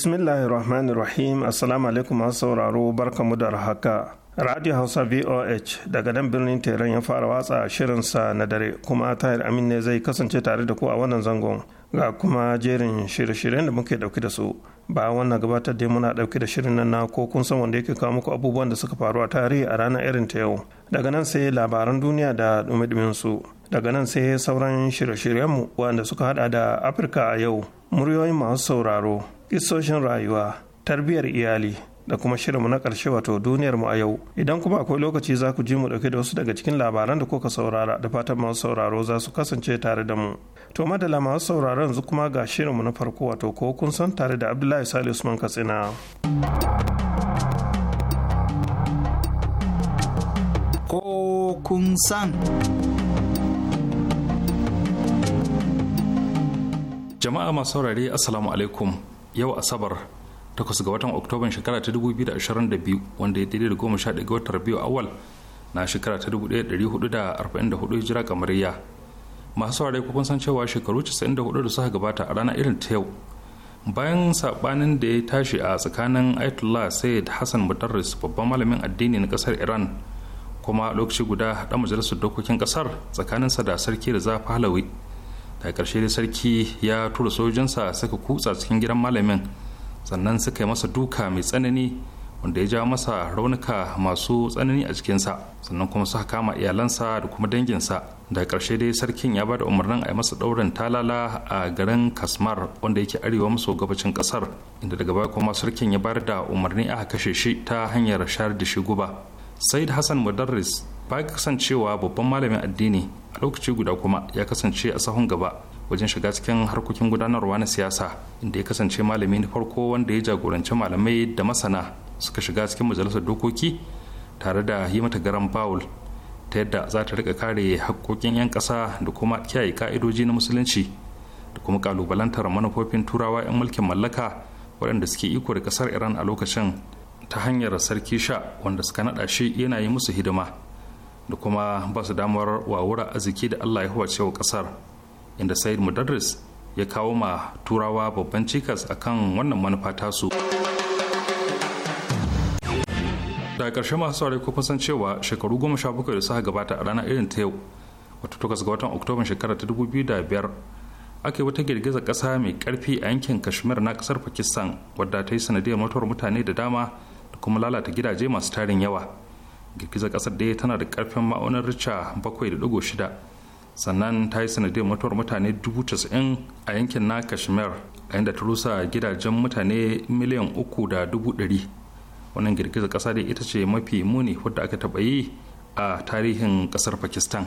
bismillahirrahmanirrahim assalamu alaikum masu sauraro barka da haka radio hausa voh daga nan birnin teran ya fara watsa shirinsa na dare kuma tahir amin ne zai kasance tare da ku a wannan zangon ga kuma jerin shirye-shiryen da muke dauke da su ba wannan gabatar dai muna dauke da shirin nan na ko kun san wanda yake kawo muku abubuwan da suka faru a tarihi a ranar irin ta yau daga nan sai labaran duniya da dumi su daga nan sai sauran shirye-shiryenmu wanda suka hada da afirka a yau muryoyin masu sauraro isoshin rayuwa tarbiyyar iyali da kuma shirinmu na ƙarshe wato duniyar mu a yau idan kuma akwai lokaci za ku ji mu ɗauke da wasu daga cikin labaran da kuka saurara da fatan masu sauraro za su kasance tare da mu to madala masu sauraro yanzu kuma ga shirinmu na farko wato ko kun san tare da abdullahi salisu usman katsina ko kun san jama'a masu saurare assalamu alaikum yau asabar takwas ga watan oktoban shekara ta 2022 wanda ya daidai da goma sha ga watan biyu awal na shekara ta 1444 hijira kamariya masu saurare kun san cewa shekaru 94 da suka gabata a rana irin ta yau bayan sabanin da ya tashi a tsakanin Ayatollah Sayyid Hassan Mutarris babban malamin addini na kasar Iran kuma lokaci guda haɗa majalisar dokokin kasar sa da sarki da zafi halawi da ƙarshe dai sarki ya tura sojinsa suka kutsa cikin gidan malamin sannan suka yi masa duka mai tsanani wanda ya ja masa raunuka masu tsanani a cikinsa sannan kuma suka kama iyalansa da kuma danginsa da ƙarshe dai sarkin ya ba da umarnin a yi masa ɗaurin talala a garin kasmar wanda yake arewa maso gabacin ƙasar inda daga baya kuma sarkin ya bar da umarni aka kashe shi ta hanyar shayar da shi guba said hassan mudarris ba kasancewa babban malamin addini a lokaci guda kuma ya kasance a sahun gaba wajen shiga cikin harkokin gudanarwa na siyasa inda ya kasance malami na farko wanda ya jagoranci malamai da masana suka shiga cikin majalisar dokoki tare da yi mata garan bawul ta yadda za ta rika kare haƙƙoƙin 'yan ƙasa da kuma kiyaye ka'idoji na musulunci da kuma kalubalantar manufofin turawa 'yan mulkin mallaka waɗanda suke iko da ƙasar iran a lokacin ta hanyar sarki sha wanda suka naɗa shi yana yi musu hidima da kuma ba su damar wawura arziki da allah ya huwace wa kasar inda said mudarris ya kawo ma turawa babban cikas a kan wannan manufa tasu daga ƙarshe masu saurari ko kusan cewa shekaru goma sha bakwai da suka gabata a ranar irin ta yau wato takwas ga watan oktoban shekarar ta dubu biyu da biyar aka yi wata girgizar ƙasa mai karfi a yankin kashmir na ƙasar pakistan wadda ta yi sanadiyar mutuwar mutane da dama da kuma lalata gidaje masu tarin yawa girgizar kasar da tana da karfin ma'aunin rica 7.6 sannan ta yi sanadiyar mutuwar mutane 90,000 a yankin na kashmir a inda ta rusa gidajen mutane miliyan 3.100 wannan girgizar kasa da ita ce mafi muni wadda aka taɓa yi a tarihin kasar pakistan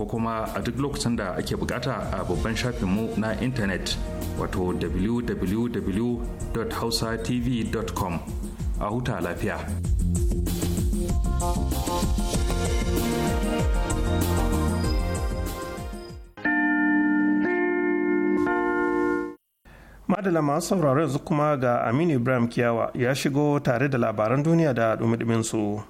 ko kuma a duk lokacin da ake bukata a babban shafinmu na intanet wato www.hausatv.com a huta lafiya. Madala masu sauraro yanzu kuma ga Aminu Ibrahim Kiyawa ya shigo tare da labaran duniya da dumi su.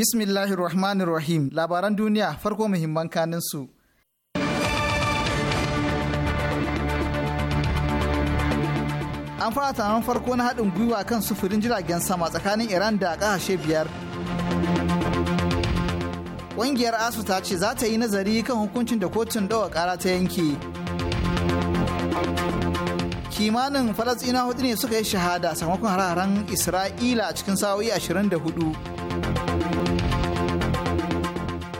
Bismillahir Rahmanir Rahim labaran duniya farko muhimman kanin su. An fara taron farko na haɗin gwiwa kan sufurin jiragen sama tsakanin Iran da ƙasashe biyar. Ƙungiyar ASU ta ce za ta yi nazari kan hukuncin da kotun ɗawa ƙara ta yanke. Kimanin Falasɗina hudu ne suka yi shahada sakamakon hararen Isra'ila cikin sa'o'i 24.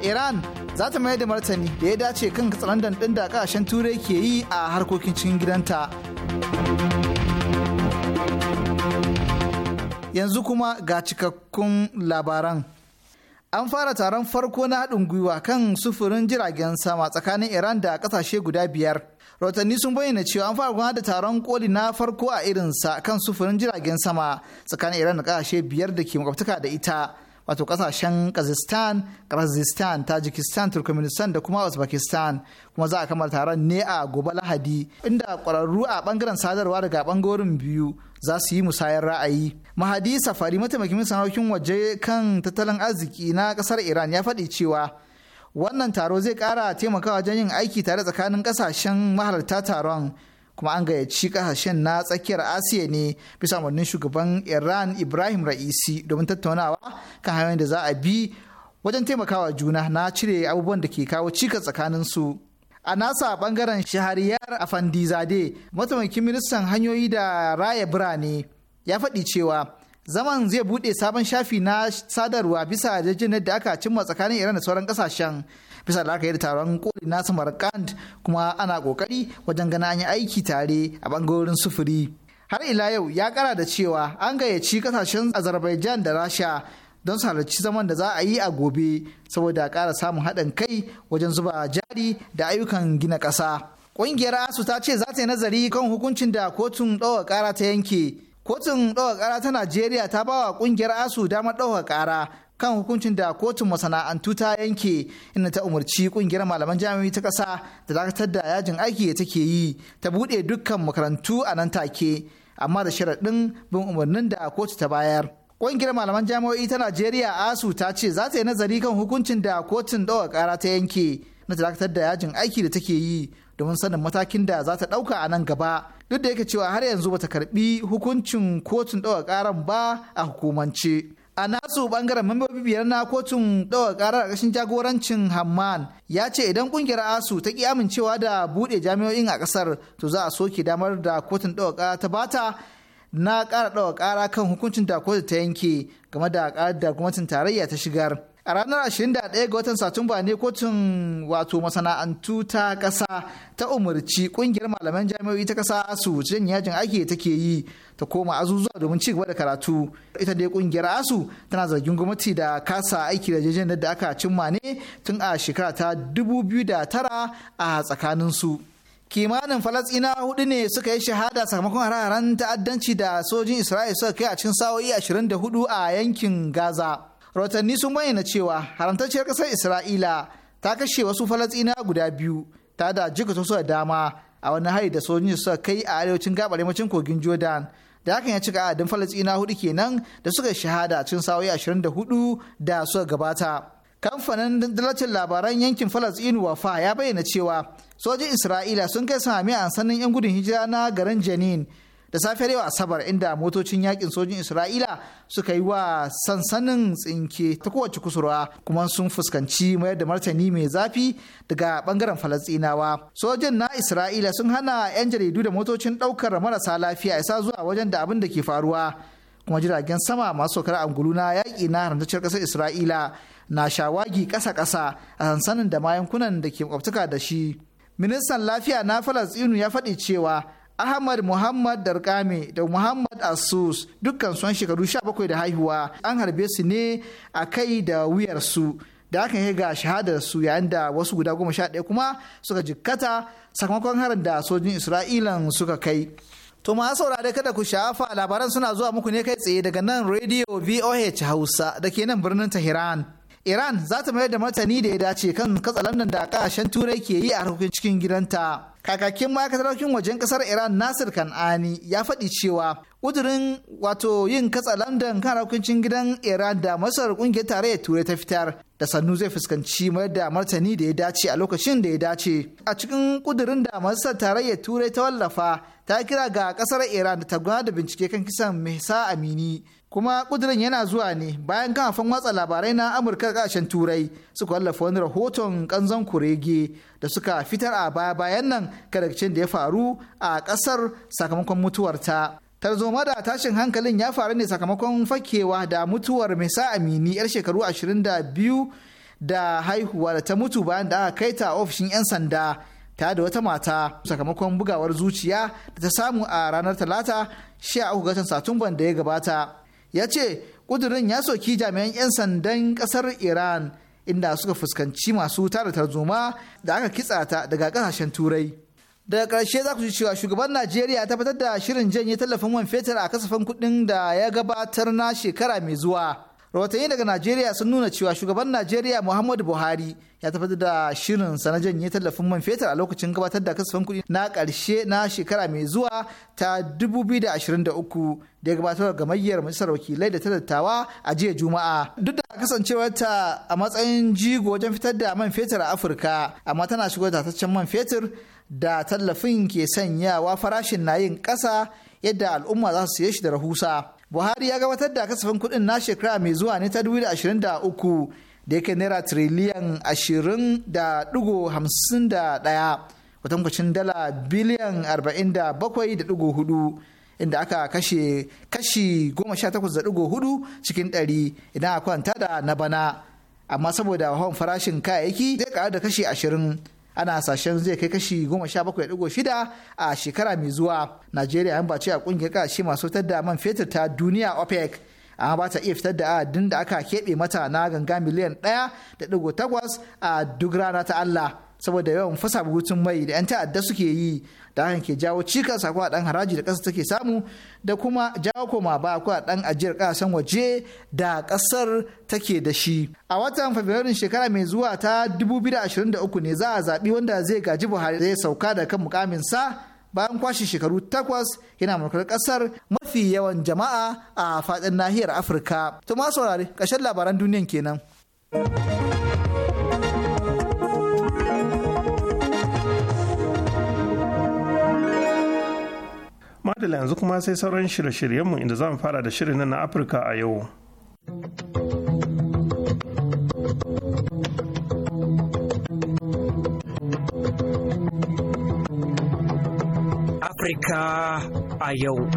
iran za ta mayar da martani da ya dace kan katsalandan ɗin da ƙasashen turai ke yi a harkokin cikin gidanta yanzu kuma ga cikakkun labaran an fara taron farko na haɗin gwiwa kan sufurin jiragen sama tsakanin iran da ƙasashe guda biyar rahotanni sun bayyana cewa an fara gudanar da taron koli na farko a irinsa kan sufurin jiragen sama tsakanin iran da ƙasashe biyar da ke makwabtaka da ita wato kasashen kazakhstan kazakhstan tajikistan turkmenistan da kuma uzbekistan kuma za a kamar taron ne a gobe lahadi inda kwararru a bangaren sadarwa daga bangarorin biyu za su yi musayar ra'ayi mahadi safari mataimakin sanarwakin waje kan tattalin arziki na kasar iran ya faɗi cewa wannan taro zai ƙara taimakawa wajen yin aiki tare tsakanin ƙasashen mahalarta taron kuma an gayyaci kasashen na tsakiyar asiya ne bisa umarnin shugaban iran ibrahim ra'isi domin tattaunawa kan hanyoyin da za a bi wajen taimakawa juna na cire abubuwan da ke kawo cikas tsakanin su a nasa bangaren shahariyar afandizade mataimakin ministan hanyoyi da raya birane ya faɗi cewa zaman zai buɗe sabon shafi na sadarwa bisa yarjejeniyar da aka cimma tsakanin iran da sauran kasashen bisa da aka yi da taron koli na samarkand kuma ana kokari wajen gana an yi aiki tare a bangarorin sufuri har ila yau ya kara da cewa an gayyaci kasashen azerbaijan da rasha don su halarci zaman da za a yi a gobe saboda kara samun haɗin kai wajen zuba jari da ayyukan gina ƙasa ƙungiyar asu ta ce za ta yi nazari kan hukuncin da kotun ɗaukar ƙara ta yanke kotun ɗaukar ƙara ta najeriya ta bawa wa ƙungiyar asu damar ɗaukar ƙara kan hukuncin da kotun masana'antu ta yanke inda ta umarci ƙungiyar malaman jami'i ta ƙasa da dakatar da yajin aiki da take yi ta buɗe dukkan makarantu a nan take amma da sharaɗin bin umarnin da kotu ta bayar. Ƙungiyar malaman jami'o'i ta Najeriya ASU ta ce za ta yi nazari kan hukuncin da kotun ɗaukar ƙara ta yanke na dakatar da yajin aiki da take yi domin sanin matakin da za ta ɗauka a nan gaba. duk da yake cewa har yanzu bata karbi hukuncin kotun ɗaukar ƙaran ba a hukumance. A nasu bangaren mambobi biyar na kotun ɗaukar a ƙarshen jagorancin Hamman ya ce idan ƙungiyar ASU ta ki amincewa da buɗe jami'o'in a ƙasar to za a soke damar da kotun ɗaukar ƙara ta bata na ƙara ɗaukar ƙara kan hukuncin da kotu ta yanke game da ƙarar da gwamnatin tarayya ta shigar. a ranar 21 ga watan satumba ne kotun wato masana'antu ta kasa ta umarci kungiyar malaman jami'o'i ta kasa asu jin yajin aiki take yi ta koma azuzuwa domin ci gaba da karatu ita dai kungiyar asu tana zargin gwamnati da kasa aiki da jejen da aka cimma ne tun a shekara ta 2009 a tsakanin su kimanin falasina hudu ne suka yi shahada sakamakon hararen ta'addanci da sojin isra'il suka kai a cikin sa'o'i 24 a yankin gaza rahotanni sun bayyana cewa haramtacciyar ƙasar isra'ila ta kashe wasu falastina guda biyu ta da jikata su da dama a wani hari da sojoji suka kai a arewacin gabar yammacin kogin jordan da hakan ya cika adadin falasina hudu kenan da suka shahada a cikin sa'o'i 24 da suka gabata kamfanin dalacin labaran yankin falasinu wafa ya bayyana cewa sojin isra'ila sun kai sami a sannan yan gudun hijira na garin janin da safiyar yau asabar inda motocin yakin sojin isra'ila suka yi wa sansanin tsinke ta kowace kusurwa kuma sun fuskanci mayar da martani mai zafi daga bangaren falastinawa sojin na isra'ila sun hana 'yan jaridu da motocin daukar marasa lafiya isa zuwa wajen da abin da ke faruwa kuma jiragen sama masu saukar angulu na yaƙi na haramtacciyar ƙasar isra'ila na shawagi ƙasa-ƙasa a sansanin da mayankunan da ke makwabtaka da shi ministan lafiya na falastinu ya faɗi cewa Ahmad Muhammad Darkame da Muhammad Asus dukkan sun shekaru 17 da haihuwa an harbe su ne a kai da wuyarsu da aka yi ga shahadar su yayin da wasu guda goma sha ɗaya kuma suka jikkata sakamakon harin da sojin Isra'ilan suka kai. To ma saurare kada ku shafa labaran suna zuwa muku ne kai tsaye daga nan Radio VOH Hausa da ke nan birnin Tehran. Iran za ta mayar da martani da ya dace kan katsalandan da kasashen turai ke yi a harkokin cikin gidanta. Kakakin ma'aikatar harkokin wajen kasar Iran Nasir Kan'ani ya faɗi cewa ƙudurin wato yin katsalandan kan harkokin gidan Iran da masar ƙungiyar tarayyar turai ta fitar da sannu zai fuskanci mayar da martani da ya dace a lokacin da ya dace. A cikin ƙudurin da masar tarayyar turai ta wallafa ta kira ga kasar Iran da ta gudanar da bincike kan kisan Mahsa Amini. kuma kudirin yana zuwa ne bayan kafin watsa labarai na amurka kashen turai suka wallafa wani rahoton kanzon kurege da suka fitar a baya bayan nan karakcin da ya faru a kasar sakamakon mutuwarta tarzoma da tashin hankalin ya faru ne sakamakon fakewa da mutuwar mai sa amini yar shekaru 22 da haihuwa da ta mutu bayan da aka kai ta ofishin 'yan sanda ta da wata mata sakamakon bugawar zuciya da ta samu a ranar talata shi ga watan satumban da ya gabata ya ce ƙudurin ya soki jami'an 'yan sandan ƙasar iran inda suka fuskanci masu tara tarzoma da aka kitsa ta daga ƙasashen turai daga ƙarshe za ku ji cewa shugaban najeriya ta fitar da shirin janye tallafin man fetur a kasafin kuɗin da ya gabatar na shekara mai zuwa rahotanni daga najeriya sun nuna cewa shugaban najeriya muhammadu buhari ya tafi da shirin na janye tallafin man fetur a lokacin gabatar da kasafin kuɗi na ƙarshe na shekara mai zuwa ta 2023 da gabatar da gamayyar majalisar wakilai da ta dattawa a jiya juma'a duk da kasancewarta a matsayin jigo wajen fitar da man fetur a afirka amma tana shigo da tataccen man fetur da tallafin ke sanyawa farashin na yin kasa yadda al'umma za su siye shi da rahusa buhari ya gabatar da kasafin kuɗin na shekara mai zuwa ne ta 2023 da yake naira tiriliyan 20.51 kwatankwacin dala biliyan 47.4 inda aka kashe kashi 18.4 cikin 100 idan a kwanta da na bana amma saboda hawan farashin kayayyaki zai karu da kashi 20 ana hasashen zai kai kashi goma sha bakwai 17.6 a shekara mai zuwa najeriya an bace a kungiyar kashi masu fitar da man fetur ta duniya opec amma ba ta iya fitar da adadin da aka keɓe mata na ganga miliyan 1.8 a duk rana ta allah saboda yawan fasa butun mai da 'yan ta'adda suke yi da hakan ke jawo cikas a dan haraji da ƙasa take samu da kuma jawo koma ba dan ajiyar ƙasashen waje da ƙasar take da shi a watan fabrairun shekara mai zuwa ta 2023 ne za a zaɓi wanda zai gaji buhari zai sauka da kan mukamin sa bayan kwashe shekaru takwas yana mulkar ƙasar mafi yawan jama'a a faɗin nahiyar afirka to ma saurari ƙarshen labaran duniyan kenan. madala yanzu kuma sai sauran shirye-shiryenmu inda za mu fara da shirin na afirka a yau a yau.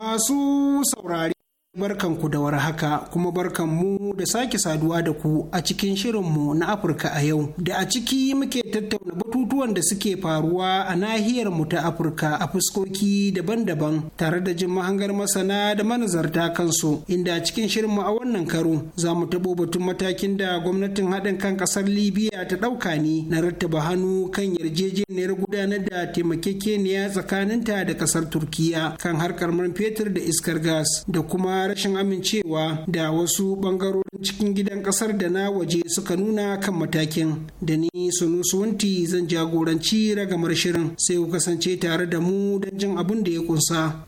Masu saurari. Barkanku da warhaka kuma barkan mu da sake saduwa da ku a cikin shirinmu na Afirka a yau da a ciki muke tattauna batutuwan da suke faruwa a nahiyar mu ta Afirka a fuskoki daban-daban tare da jin mahangar masana da manazarta kansu inda a cikin shirinmu a wannan karo za mu tabo batun matakin da gwamnatin haɗin kan ƙasar Libya ta ɗauka ne na rattaba hannu kan yarjejeniyar gudanar da taimakekeniya tsakaninta da ƙasar Turkiya kan harkar man fetur da iskar gas da kuma rashin amincewa da wasu bangarorin cikin gidan kasar da na waje suka nuna kan matakin da ni sunusuwanti zan jagoranci ragamar shirin sai ku kasance tare da mu don jin abin da ya kunsa.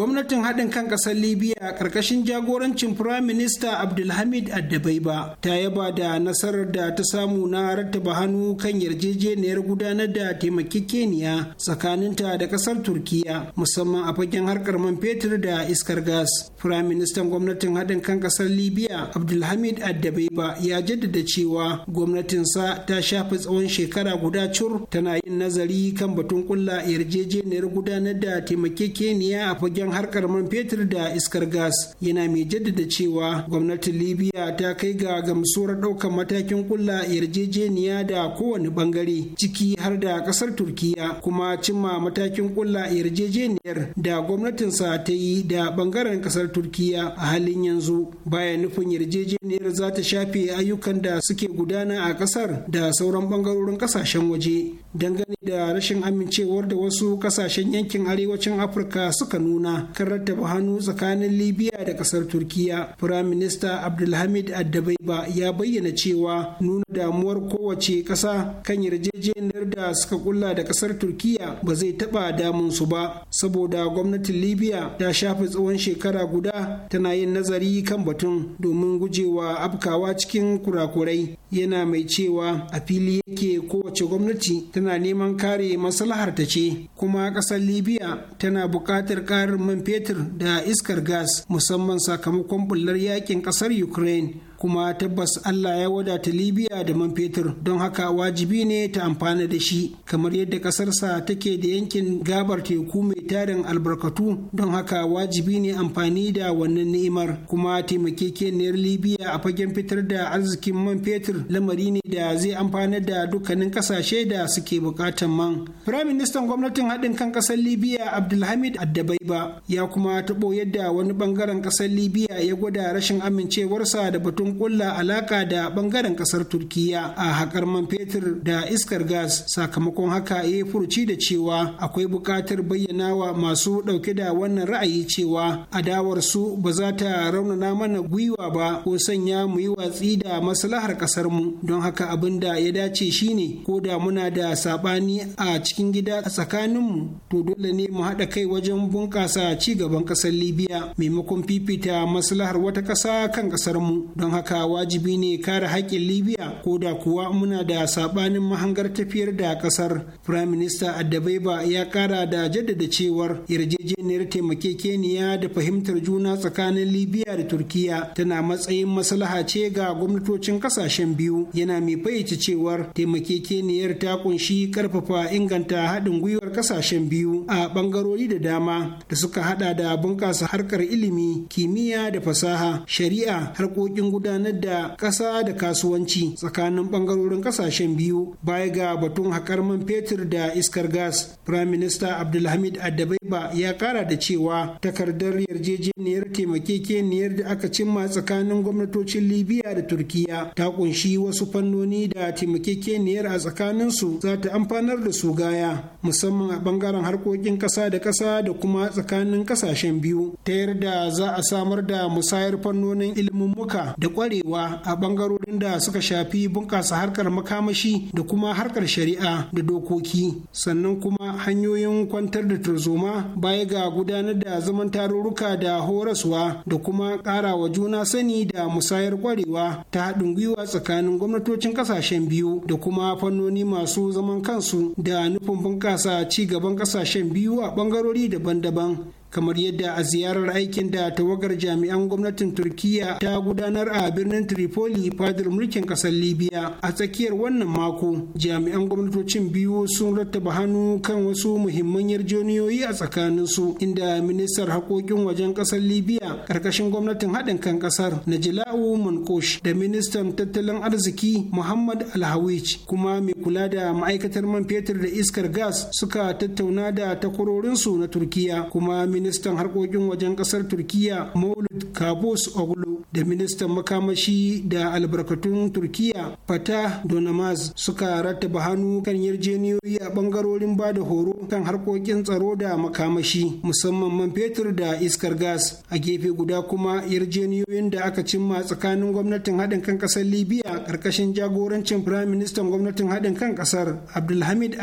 gwamnatin haɗin kan ƙasar libya ƙarƙashin jagorancin firayim minista abdulhamid addabaiba ta yaba da nasarar da ta samu na rattaba hannu kan yarjejeniyar gudanar da taimakekeniya tsakaninta da ƙasar turkiya musamman a fagen harkar man fetur da iskar gas firayim ministan gwamnatin haɗin kan ƙasar libya abdulhamid addabaiba ya jaddada cewa gwamnatinsa ta shafi tsawon shekara guda cur tana yin nazari kan batun ƙulla yarjejeniyar gudanar da taimakekeniya a fagen kan harkar man fetur da iskar gas yana mai jaddada cewa gwamnatin libya ta kai ga gamsuwar ɗaukar matakin kulla yarjejeniya da kowane bangare ciki har da ƙasar turkiya kuma cimma matakin kulla yarjejeniyar da gwamnatinsa ta yi da bangaren ƙasar turkiya a halin yanzu baya nufin yarjejeniyar za ta shafe ayyukan da suke gudana a ƙasar da sauran bangarorin ƙasashen waje dangane da rashin amincewar da wasu kasashen yankin arewacin afirka suka nuna kan rattaba hannu tsakanin libya da kasar turkiya firaminista abdulhamid addabaiba ya bayyana cewa nuna damuwar kowace kasa kan yarjejeniyar da suka kulla da kasar turkiya ba zai taba damun su ba saboda gwamnatin libya ta shafe tsawon shekara guda tana yin nazari kan batun domin gujewa afkawa cikin kurakurai yana mai cewa a fili yake kowace gwamnati ta tana neman kare maslahar ta ce kuma ƙasar libya tana buƙatar ƙarin man fetur da iskar gas musamman sakamakon bullar yakin ƙasar ukraine kuma tabbas Allah ya wadata Libya da man fetur don haka wajibi ne ta amfana da shi kamar yadda ƙasarsa take da yankin gabar teku mai tarin albarkatu don haka wajibi ne amfani da wannan ni'imar kuma taimakekeniyar Libya a fagen fitar da arzikin man fetur lamari ne da zai amfana da dukkanin ƙasashe da suke buƙatan man. Firaministan gwamnatin haɗin kan ƙasar Libya Abdulhamid Addabaiba ya kuma taɓo yadda wani ɓangaren ƙasar Libya ya gwada rashin amincewarsa da batun sun kulla alaka da bangaren kasar turkiya a haƙar man fetur da iskar gas sakamakon haka ya yi furuci da cewa akwai buƙatar bayyana wa masu ɗauke da wannan ra'ayi cewa adawar su ba za ta raunana mana gwiwa ba ko sanya mu yi watsi da maslahar kasar mu don haka abin da ya dace shine ko da muna da saɓani a cikin gida tsakanin mu to dole ne mu haɗa kai wajen bunƙasa ci gaban ƙasar libya maimakon fifita maslahar wata ƙasa kan ƙasar mu don haka wajibi ne kare haƙƙin libya ko da kuwa muna da saɓanin mahangar tafiyar da ƙasar prime minister addabaiba ya ƙara da jaddada cewar yarjejeniyar taimakekeniya da fahimtar juna tsakanin libya da turkiya tana matsayin maslaha ce ga gwamnatocin ƙasashen biyu yana mai fayyace cewar taimakekeniyar ta kunshi ƙarfafa inganta haɗin gwiwar ƙasashen biyu a ɓangarori da dama da suka haɗa da bunƙasa harkar ilimi kimiyya da fasaha shari'a harkokin gudanar gudanar da ƙasa da kasuwanci tsakanin ɓangarorin ƙasashen biyu baya ga batun haƙar man fetur da iskar gas. Prime Minister Abdulhamid Adabaiba ya kara da cewa takardar yarjejeniyar taimakekeniyar da aka cimma tsakanin gwamnatocin Libya da Turkiya ta kunshi wasu fannoni da taimakekeniyar a tsakaninsu za ta amfanar da su gaya musamman a ɓangaren harkokin ƙasa da ƙasa da kuma tsakanin ƙasashen biyu ta yarda za a samar da musayar fannonin ilimin muka da kwarewa a bangarorin da suka shafi bunƙasa harkar makamashi da kuma harkar shari'a da dokoki sannan kuma hanyoyin kwantar da turzoma baya ga gudanar da zaman tarurruka da horaswa da kuma ƙara wa juna sani da musayar kwarewa ta haɗin gwiwa tsakanin gwamnatocin ƙasashen biyu da kuma fannoni masu zaman kansu da nufin bunƙasa ci gaban ƙasashen biyu a bangarori daban-daban kamar yadda a ziyarar aikin da tawagar jami'an gwamnatin turkiya ta gudanar a birnin tripoli fadar mulkin kasar libya a tsakiyar wannan mako jami'an gwamnatocin biyu sun rattaba hannu kan wasu muhimman yarjejeniyoyi a tsakanin su inda ministar haƙoƙin wajen kasar libya ƙarƙashin gwamnatin haɗin kan kasar najila'u mankosh da ministan tattalin arziki muhammad alhawij kuma mai kula da ma'aikatar man fetur da iskar gas suka tattauna da takwarorinsu na turkiya kuma ministan harkokin wajen kasar turkiya maulud kabus oglu da ministan makamashi da albarkatun turkiya fata donamaz suka rattaba hannu kan yarjeniyoyi a bangarorin ba da horo kan harkokin tsaro da makamashi musamman man fetur da iskar gas a gefe guda kuma yarjeniyoyin da aka cimma tsakanin gwamnatin haɗin kan ƙasar libya ƙarƙashin jagorancin firayim ministan gwamnatin haɗin kan ƙasar abdulhamid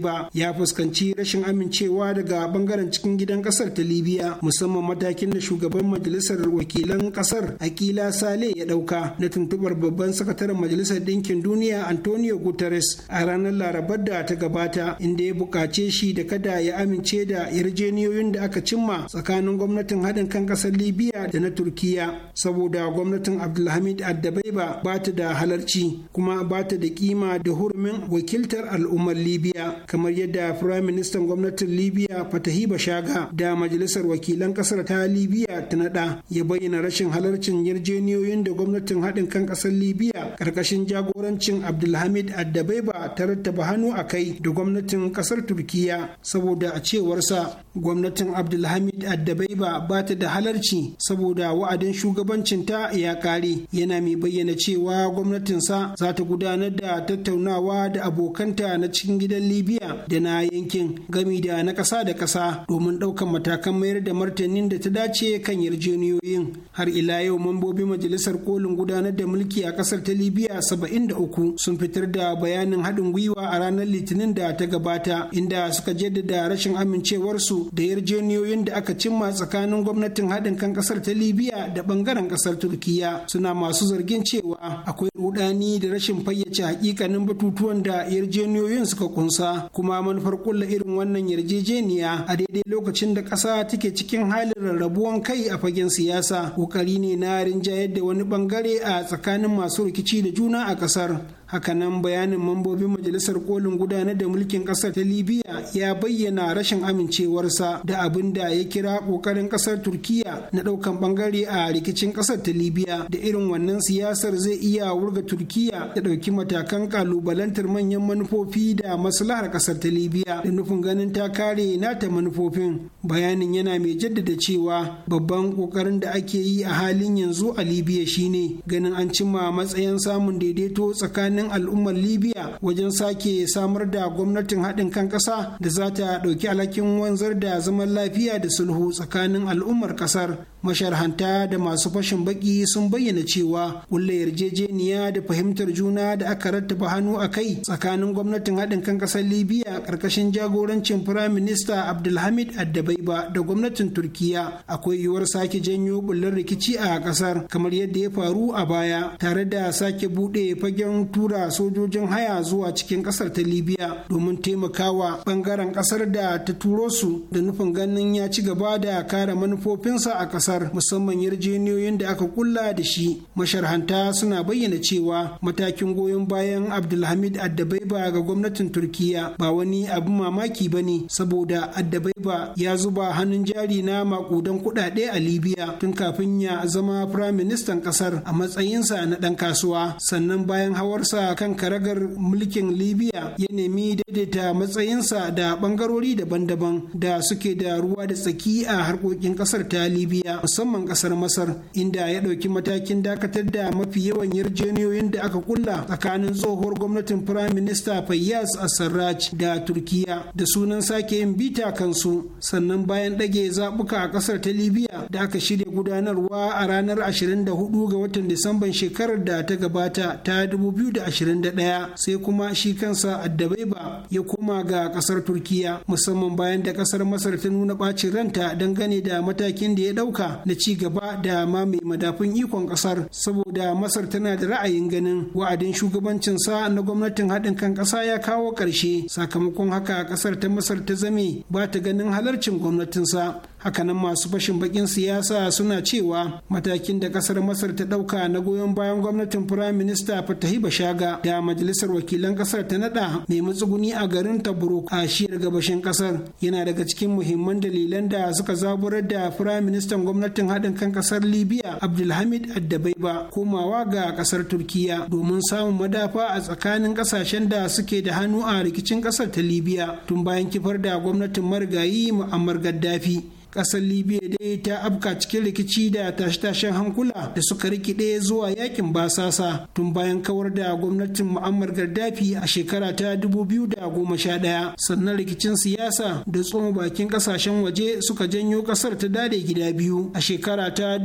ba ya fuskanci rashin amincewa daga bangaren cikin gidan kasar ta ta libya musamman matakin da shugaban majalisar wakilan kasar akila sale ya dauka na tuntubar babban sakataren majalisar ɗinkin duniya antonio guterres a ranar larabar da ta gabata inda ya buƙace shi da kada ya amince da yarjeniyoyin da aka cimma tsakanin gwamnatin haɗin kan ƙasar libya da na turkiya saboda gwamnatin abdulhamid addabaiba ba ta da halarci kuma ba ta da kima da hurumin wakiltar al'ummar libya kamar yadda firayim ministan gwamnatin libya fatahi bashaga da majalisar wakilan kasar ta libya ta nada ya bayyana rashin halarcin yarjeniyoyin da gwamnatin haɗin kan ƙasar libya ƙarƙashin jagorancin abdulhamid addabaiba ta rattaba hannu a kai da gwamnatin ƙasar turkiya saboda a cewarsa gwamnatin abdulhamid addabaiba ba ta da halarci saboda wa'adin shugabancinta ya ƙare yana mai bayyana cewa gwamnatinsa za ta gudanar da tattaunawa da abokanta na cikin gidan libya da na yankin gami da na ƙasa da ƙasa domin ɗaukan matakan kan mayar da martanin da ta dace kan yarjejeniyoyin har ila yau mambobin majalisar kolin gudanar da mulki a kasar ta libya 73 sun fitar da bayanin haɗin gwiwa a ranar litinin da ta gabata inda suka jaddada rashin amincewarsu da yarjejeniyoyin da aka cimma tsakanin gwamnatin haɗin kan kasar ta libya da bangaren kasar turkiya suna masu zargin cewa akwai rudani da rashin fayyace hakikanin batutuwan da yarjejeniyoyin suka kunsa kuma manufar kulla irin wannan yarjejeniya a daidai lokacin da ƙasa take cikin halin rarrabuwan kai a fagen siyasa kokari ne na rinjayar da wani bangare a tsakanin masu rikici da juna a ƙasar hakanan bayanin mambobin majalisar kolin gudanar da mulkin kasar ta libya ya bayyana rashin amincewarsa da abin da ya kira kokarin kasar turkiya na daukan bangare a rikicin kasar ta libya da irin wannan siyasar zai iya wurga turkiya ta dauki matakan kalubalantar manyan manufofi da maslahar kasar ta libya da nufin ganin ta kare nata manufofin bayanin yana mai jaddada cewa babban kokarin da ake yi a halin yanzu a libya shine ganin an cimma matsayin samun daidaito tsakanin tsakanin al'ummar libya wajen sake samar da gwamnatin haɗin kan ƙasa da za ta ɗauki alhakin wanzar da zaman lafiya da sulhu tsakanin al'ummar ƙasar masharhanta da masu fashin baƙi sun bayyana cewa ƙulla yarjejeniya da fahimtar juna da aka rattaba hannu a kai tsakanin gwamnatin haɗin kan ƙasar libya ƙarƙashin jagorancin firayim minista abdulhamid addabaiba da gwamnatin turkiya akwai yiwuwar sake janyo bullar rikici a ƙasar kamar yadda ya faru a baya tare da sake buɗe fagen tura tura sojojin haya zuwa cikin kasar ta libya domin taimakawa bangaren kasar da ta turo su da nufin ganin ya ci gaba da kare manufofinsa a kasar musamman yarjejeniyoyin da aka kulla da shi masharhanta suna bayyana cewa matakin goyon bayan abdulhamid addabaiba ga gwamnatin turkiya ba wani abin mamaki ba ne saboda addabaiba ya zuba hannun jari na makudan kuɗaɗe a libya tun kafin ya zama firaministan ƙasar a matsayinsa na ɗan kasuwa sannan bayan hawarsa a kan karagar mulkin libya ya nemi daidaita matsayinsa da bangarori daban-daban da suke da ruwa da tsaki a harkokin kasar ta libya musamman kasar masar inda ya ɗauki matakin dakatar da mafi yawan yarjejeniyoyin da aka kulla tsakanin tsohuwar gwamnatin prime minister fayyaz asarraj da turkiya da sunan sake yin bita kansu sannan bayan ɗage zaɓuka a kasar ta libya da aka shirya gudanarwa a ranar 24 ga watan disamban shekarar da ta gabata ta 2020 21 sai kuma shi kansa addabaiba ya koma ga kasar turkiya musamman bayan da kasar masar ta nuna bacin ranta dangane da matakin da ya dauka na ci gaba da ma mai madafun ikon kasar saboda masar tana da ra'ayin ganin wa'adin shugabancin sa na gwamnatin haɗin kan ƙasa ya kawo ƙarshe sakamakon haka kasar ta masar ta zame ba ta ganin halarcin gwamnatin sa hakanan masu fashin bakin siyasa suna cewa matakin da kasar masar ta dauka na goyon bayan gwamnatin firayim minista fatahi shaga. da majalisar wakilan kasar ta nada mai matsuguni a garin tabruk a shiyar gabashin kasar yana daga cikin muhimman dalilan da suka zaburar da firayim ministan gwamnatin haɗin kan kasar libya abdulhamid addabaiba komawa ga kasar turkiya domin samun madafa a tsakanin kasashen da suke da hannu a rikicin kasar ta libya tun bayan kifar da gwamnatin marigayi mu'ammar gaddafi kasar libya dai ta afka cikin rikici da tashe-tashen hankula da suka rikide zuwa yakin basasa tun bayan kawar da gwamnatin mu'ammar gaddafi a shekara ta 2011 sannan rikicin siyasa da tsoma bakin kasashen waje suka janyo kasar ta dade gida biyu a shekara ta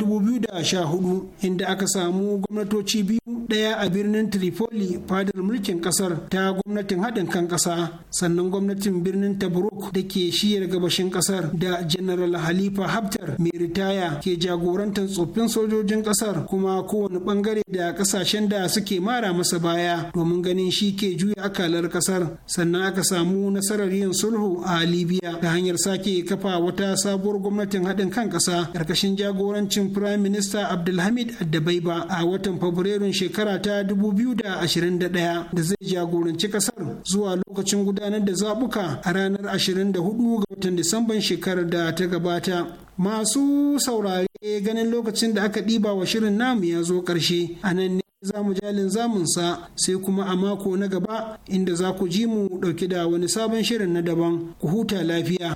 hudu inda aka samu gwamnatoci biyu daya a birnin Tripoli fadar mulkin ƙasar ta gwamnatin haɗin kan ƙasa sannan gwamnatin birnin Tabruk da ke shiyar gabashin ƙasar da General Halifa Haftar mai ritaya ke jagorantar tsoffin sojojin ƙasar kuma kowane ɓangare da ƙasashen da suke mara masa baya domin ganin shi ke juya akalar ƙasar sannan aka samu nasarar yin sulhu a Libya ta hanyar sake kafa wata sabuwar gwamnatin haɗin kan ƙasa ƙarƙashin jagorancin prime minister Abdulhamid Addabaiba a watan Fabrairun shekaru shekara ta 2021 da zai jagoranci kasar zuwa lokacin gudanar da zabuka a ranar 24 ga watan Disamban shekarar da ta gabata. Masu saurare ganin lokacin da aka ɗiba wa shirin namu ya zo ƙarshe a nan ne za mu jalin zamunsa sai kuma a mako na gaba inda za ku ji mu ɗauki da wani sabon shirin na daban ku huta lafiya.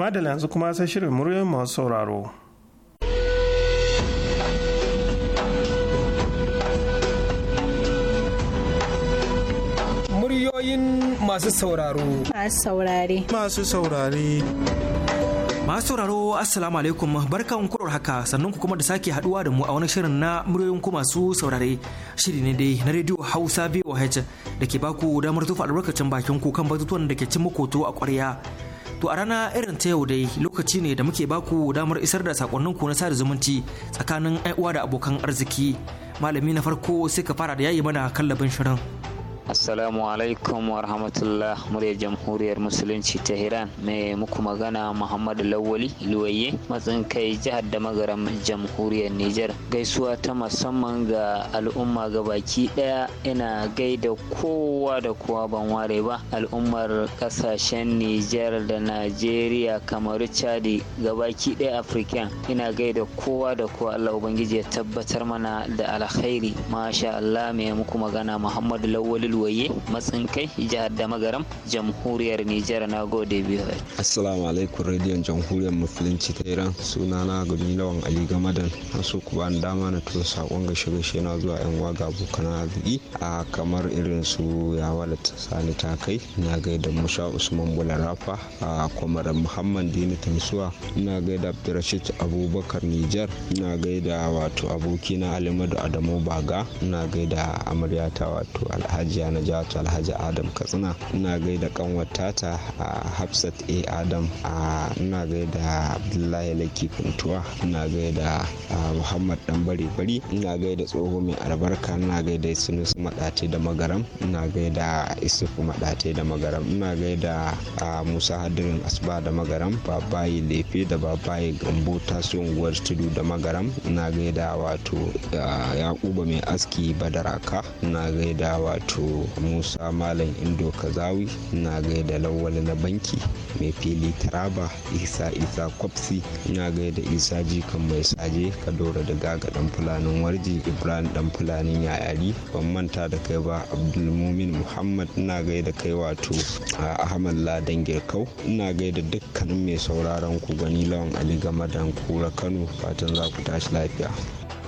madala yanzu kuma sai shirin muryoyin masu sauraro muryoyin masu sauraro masu saurare masu saurare masu sauraro assalamu alaikum barkan kurar haka sannan ku kuma da sake haduwa da mu a wani shirin na muryoyin ku masu saurare shiri ne dai na rediyo hausa voh da ke baku damar tufa albarkacin bakin ku kan batutuwan da ke cin makoto a kwarya To a rana irin ta yau dai lokaci ne da muke baku damar isar da sakonnin ku na sada zumunci tsakanin uwa da abokan arziki. Malami na farko sai ka fara da yayi mana kallabin shirin. assalamu alaikum wa rahmatullah muryar jamhuriyar musulunci ta iran mai muku magana muhammadu lawali luwaye matsin kai jihar da magaram jamhuriyar niger gaisuwa ta musamman ga al'umma baki daya ina gaida kowa da kowa ban ware ba al'ummar kasashen Nijar da najeriya kamar chadi gabaki daya afirka ina gaida kowa da kowa allah ubangiji ya tabbatar mana da alkhairi masha allah mai muku magana muhammadu lawali matsin Matsinkai jihar Damagaram jamhuriyar Nijar na gode biyu. Assalamu alaikum radiyon jamhuriyar musulunci ta Iran sunana gudun Lawan Ali Gamadan na so ku bani dama na tura sakon ga shirye na zuwa yan waga abokan arziki a kamar irin su Yawalat Sani kai na gaida Musa Usman Bularafa a kwamarar Muhammad Dini Tansuwa ina gaida Abdurrashid Abubakar Nijar ina gaida wato abokina Alimadu Adamu Baga ina gaida amaryata wato Alhaji na jihar alhaji adam katsina ina gaida kanwar tata a hafsat a adam a ina gaida abdullahi laki kuntuwa ina gaida muhammad dan bari bari ina gaida tsoho mai albarka ina gaida sunusu madate da magaram ina gaida isufu madate da magaram ina gaida musa hadirin asba da magaram babayi lefe da babayi gambo taso unguwar tudu da magaram ina gaida wato yakuba mai aski badaraka ina gaida wato musa malam indo kazawi ina gaida lawal na banki mai fili taraba isa isa kwafsi ina gaida isa jikan mai saje kadora da gaga dan fulanin warji ibrahim dan fulanin yayari ban manta da kai ba abdulmumin muhammad ina gaida kai wato a ahmad ladan girkau ina gaida dukkanin mai sauraron ku gani lawan ali game da kura kano fatan za ku tashi lafiya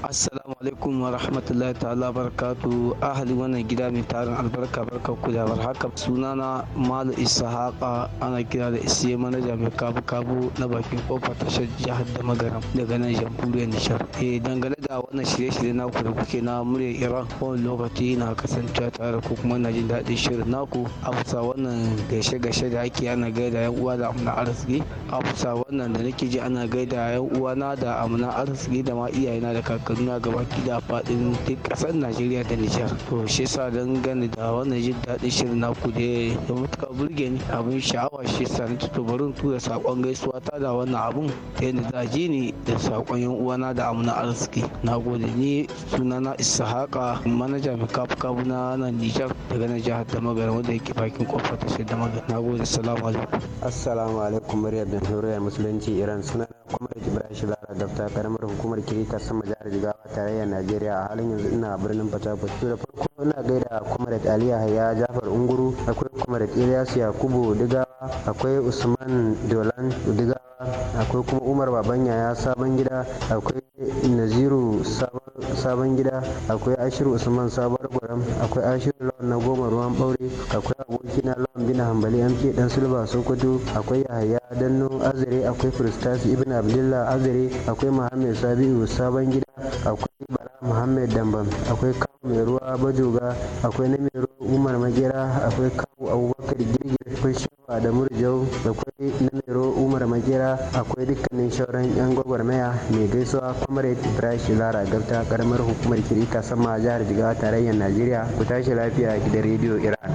assalamu alaikum wa rahmatullahi ta'ala barakatu ahli wannan gida mai tarin albarka barka ku da haka sunana malu ishaqa ana kira da isiye manaja mai kabu kabu na bakin kofar tashar jihar da magaram daga nan jamhuriyar nishar eh dangane da wannan shirye-shirye naku da kuke na murya iran wani lokaci na kasancewa tare ko kuma na jin daɗin shirin naku afsa wannan gaishe-gaishe da ake ana gaida yan uwa da amna arziki A afsa wannan da nake ji ana gaida yan na da amna arziki da ma iyayena da kaka kaduna gabaki da fadin duk kasar najeriya da nijar to shi yasa gani da wannan jin daɗin shirin naku da ya mutuka burge ni abin sha'awa shi yasa na tuto barin tura saƙon gaisuwa ta da wannan abun ta yadda za ji ni da saƙon yan uwana da amina arziki na gode ni sunana ishaqa manaja mai kafu kafu na nan nijar daga nan jihar magana wanda yake bakin kofar tashar magana na gode salamu alaikum assalamu alaikum muryar jamhuriyar musulunci iran sunana kwamar ibrahim zara dafta karamar hukumar kirika sama jihar jigawa tarayyar najeriya a halin yanzu ina birnin fatakwal to da farko ina gaida comrade ali yahaya jafar unguru akwai comrade ilyas yakubu digawa akwai usman dolan digawa akwai kuma umar babanya ya sabon gida akwai naziru sabon gida akwai ashiru usman sabuwar gwaram akwai ashiru lawan na goma ruwan ɓaure akwai abokina lawan bina hambali mk dan silba sokoto akwai yahaya danno azare akwai firistasi ibn abdullah azare akwai muhammed sabiu sabon gida akwai bala muhammed dambam akwai kawu mai ruwa bajoga akwai na mai umar magera akwai kawo abubakar girgir akwai shawa da murjau akwai na mai umar makera akwai dukkanin shauran yan gwagwarmaya mai gaisuwa comrade ibrahim lara gabta karamar hukumar kirika sama jihar jigawa tarayyar najeriya ku tashi lafiya a da rediyo iran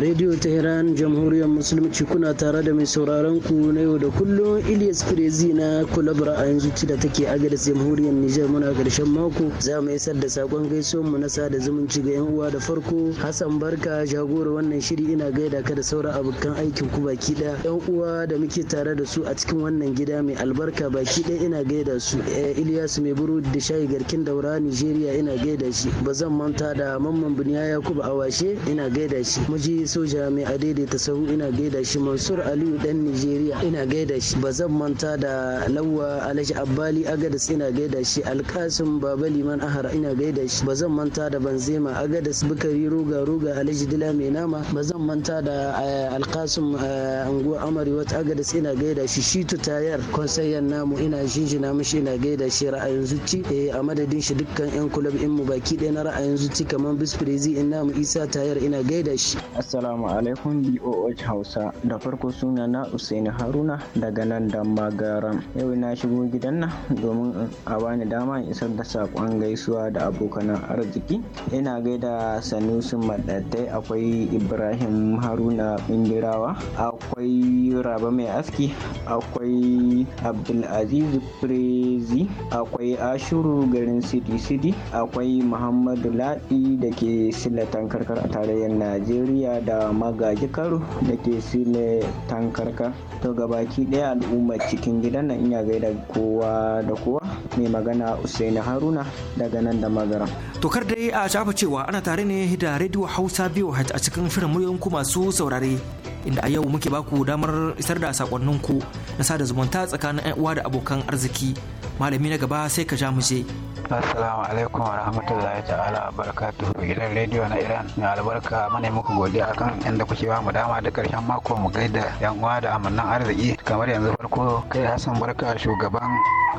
rediyo tehran jamhuriyar musulunci kuna tare da mai sauraron ku na yau da kullum ilyas firezi na kulabra a yanzu da take agadis jamhuriyar nijar muna karshen mako za mu isar da sakon gaisuwar mu na sada zumunci ga yan uwa da farko Hassan Barka jagora wannan shiri ina gaida ka da sauran abokan aikin ku baki ɗaya yan uwa da muke tare da su a cikin wannan gida mai albarka baki ɗaya ina gaida su eh, ilyas mai burodi da shayi garkin daura Nigeria ina gaida shi ba zan manta da mamman Buniya Yakubu Awashe ina gaida shi muji soja mai adaidaita sahu ina gaida shi Mansur Aliyu dan Nigeria ina gaida shi ba zan manta da Lawwa Alhaji Abbali Agadas ina gaida shi Alƙali kasim baba liman ahara ina gaida shi ba zan manta da banzema agadas bukari ruga ruga alhaji dila mai nama ba zan manta da eh, alkasim eh, angu amari wata agadas ina gaida shi shi tu tayar konsayen namu ina jinjina mishi ina gaida shi ra'ayin zuci eh, a madadin shi dukkan yan kulab in mu baki ɗaya na ra'ayin zuci kamar bisprezi in namu isa tayar ina gaida shi assalamu alaikum boh hausa da farko suna na usaini haruna daga nan da magaram yau na shigo gidan nan domin a bani dama in isar da saƙon gaisuwa da abokan arziki ina gaida sanusi maɗatai akwai ibrahim haruna bindirawa akwai raba mai aski akwai abdulaziz prezi akwai ashuru garin city city akwai muhammadu laɗi da ke silatan tankarkar a tarayyar najeriya da magaji karo da ke silatan tankarkar to gabaki ɗaya al'ummar cikin gidan na ina gaida kowa da kowa mai magana usai na Haruna daga nan da magaran. Tokar dai a shafa cewa ana tare ne da Radio Hausa biyu a cikin shirin muryoyin ku masu saurare inda a yau muke baku damar isar da sakonninku na sada zumunta tsakanin 'yan uwa da abokan arziki. Malami na gaba sai ka ja muje. Assalamu alaikum wa rahmatullahi ta'ala barakatuhu gidan rediyo na Iran mai albarka mana muku godiya akan yadda kuke ba mu dama da karshen mako mu gaida yan uwa da amannan arziki kamar yanzu farko kai Hassan Barka shugaban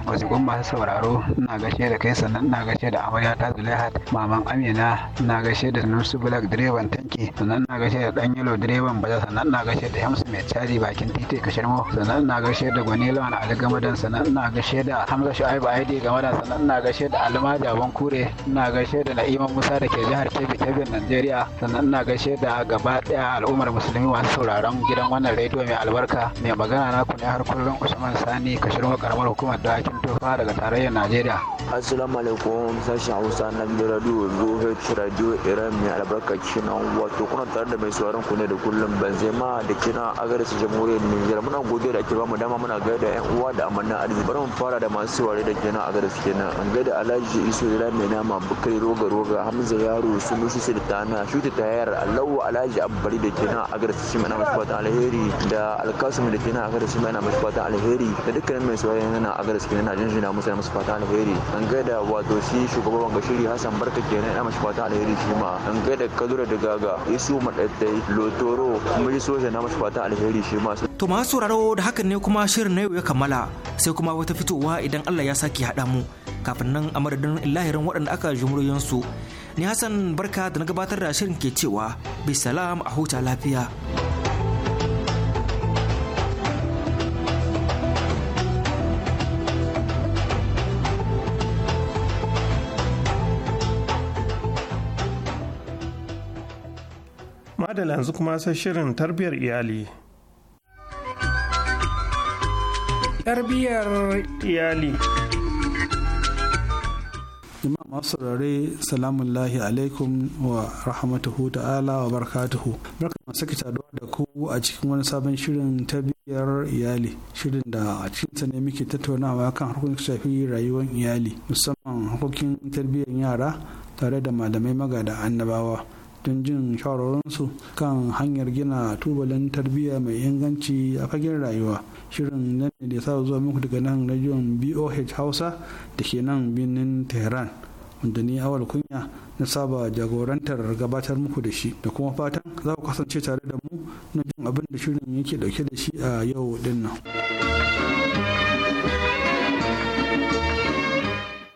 majigun masu sauraro ina gaishe da kai sannan ina gaishe da amarya ta zulaihat maman amina ina gaishe da nusu black direban tanki sannan ina gaishe da dan yalo direban baza sannan ina gaishe da hamsu mai caji bakin titi kashirmo sannan ina gaishe da gwani lawan ali gamadan sannan ina gaishe da hamza shu'aibu aidi gamadan sannan ina gaishe da alma jaban kure ina gaishe da na'ima musa da ke jihar kebbi kebbi najeriya sannan ina gaishe da gaba daya al'ummar musulmi masu sauraron gidan wannan rediyo mai albarka mai magana na ne har kullum usman sani kashirmo karamar hukumar da Ibrahim Tofa daga tarayyar Najeriya. Assalamu alaikum sashen Hausa na Radio VOH Radio Iran mai albarka kenan wato kuna tare da mai sauraron ku ne da kullum Benzema da kina agarsu jamhuriyar Nijar muna gode da ake bamu dama muna ga da ƴan uwa da amanna arziki bari mu fara da masu saurare da kenan agarsu kenan an ga da Alhaji Isu Iran mai nama bukai roga roga Hamza Yaro su su musu da Sultana Shuti Tayar Allahu Alhaji Abbari da kenan agarsu shi mai nama fatan alheri da Alkasum da kina kenan agarsu mai nama fatan alheri da dukkanin mai saurare yana agarsu kenan na jinjina musu da musu fata alheri an gaida wato shi shugaban wanga shiri hassan barka ke nan mashi fata alheri shi ma an gaida kadura da gaga isu madattai lotoro miji soja na mashi fata alheri shi ma to masu sauraro da hakan ne kuma shirin na yau ya kammala sai kuma wata fitowa idan Allah ya saki haɗa mu kafin nan a madadin lahirin waɗanda aka su ni hassan barka da na gabatar da shirin ke cewa bisalam a huta lafiya madala yanzu kuma sai shirin tarbiyyar iyali tarbiyyar iyali jama'a masu saurare salamun lahi alaikum wa rahmatuhu ta'ala wa barakatuhu barka masu sake saduwa da ku a cikin wani sabon shirin tarbiyyar iyali shirin da a cikin sane ne muke tattaunawa kan harkokin shafi rayuwar iyali musamman harkokin tarbiyyar yara tare da malamai magada annabawa kafin jin shawararsu kan hanyar gina tubalin tarbiyya mai inganci a fagen rayuwa shirin nan ne da ya sa zuwa muku daga nan rajiyon boh hausa da ke nan birnin tehran wanda ni awal kunya na saba jagorantar gabatar muku da shi da kuma fatan za ku kasance tare da mu na jin abin da shirin yake dauke da shi a yau din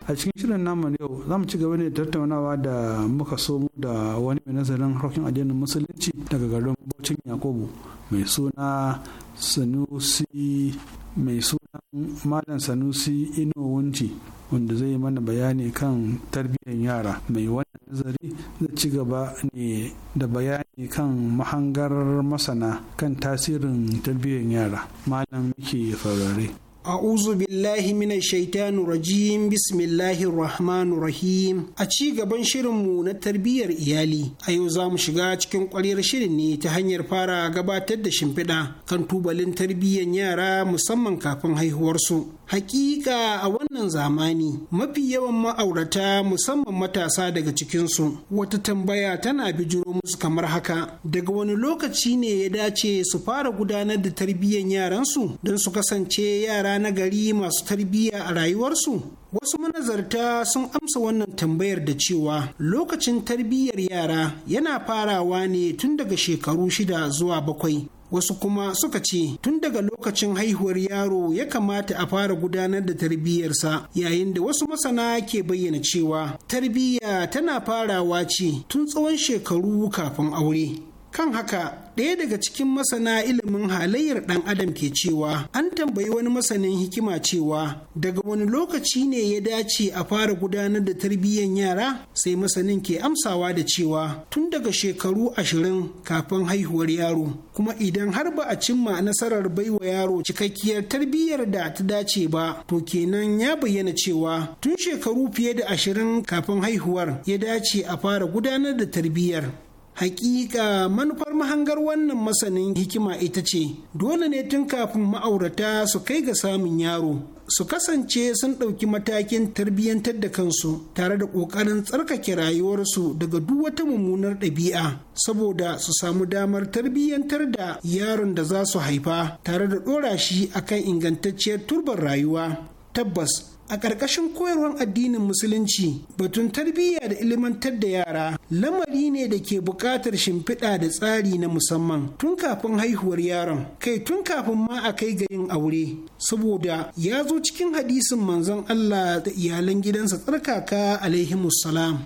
a cikin shirin namu yau za mu ci gaba ne tattaunawa da muka so da wani mai nazarin harkokin addinin musulunci daga garin bocin yakubu mai suna sanusi mai suna malam sanusi wunci wanda zai mana bayani kan tarbiyyar yara mai wannan nazari zai ci gaba ne da bayani kan mahangar masana kan tasirin tarbiyyar yara malam muke farare. A'uzu billahi mina shaitanu rajim bismillahi rahmanir rahim a ci gaban shirin mu na tarbiyyar iyali a yau za mu shiga cikin kwaliyar shirin ne ta hanyar fara gabatar da shimfiɗa kan tubalin tarbiyyar yara musamman kafin haihuwarsu hakika a wannan zamani mafi yawan ma'aurata musamman matasa daga cikinsu wata tambaya tana bijiro musu kamar haka daga wani lokaci ne ya dace su fara gudanar da tarbiyyar yaransu don su kasance yara na gari masu tarbiyya a rayuwarsu? Wasu manazarta sun amsa wannan tambayar da cewa lokacin tarbiyyar yara yana farawa ne tun daga shekaru shida zuwa bakwai. Wasu kuma suka ce tun daga lokacin haihuwar yaro ya kamata a fara gudanar da tarbiyyarsa yayin da wasu masana ke bayyana cewa tarbiyya tana farawa ce tun tsawon shekaru kafin aure. kan haka ɗaya daga cikin masana ilimin halayyar ɗan adam ke cewa an tambayi wani masanin hikima cewa daga wani lokaci ne ya dace a fara gudanar da tarbiyyar yara sai masanin ke amsawa da cewa tun daga shekaru ashirin kafin haihuwar yaro kuma idan har ba a cimma nasarar baiwa yaro cikakkiyar tarbiyyar da ta dace ba to kenan ya bayyana cewa tun shekaru fiye da ashirin kafin haihuwar ya dace a fara gudanar da tarbiyyar Hakika manufar mahangar wannan masanin hikima ita ce, dole ne tun kafin ma'aurata su kai ga samun yaro, su kasance sun ɗauki matakin tarbiyyantar da kansu tare da ƙoƙarin tsarkake rayuwarsu daga duk wata mummunar ɗabi'a, saboda su samu damar tarbiyyantar da yaron da za su haifa tare da ɗora shi akan ingantacciyar turbar rayuwa. Tabbas a ƙarƙashin koyarwar addinin musulunci batun tarbiyya da ilimantar da yara lamari ne da ke buƙatar shimfiɗa da tsari na musamman tun kafin haihuwar yaron kai tun kafin ma a kai ga yin aure saboda ya zo cikin hadisin manzon Allah da iyalan gidansa tsarkaka alaihimussalam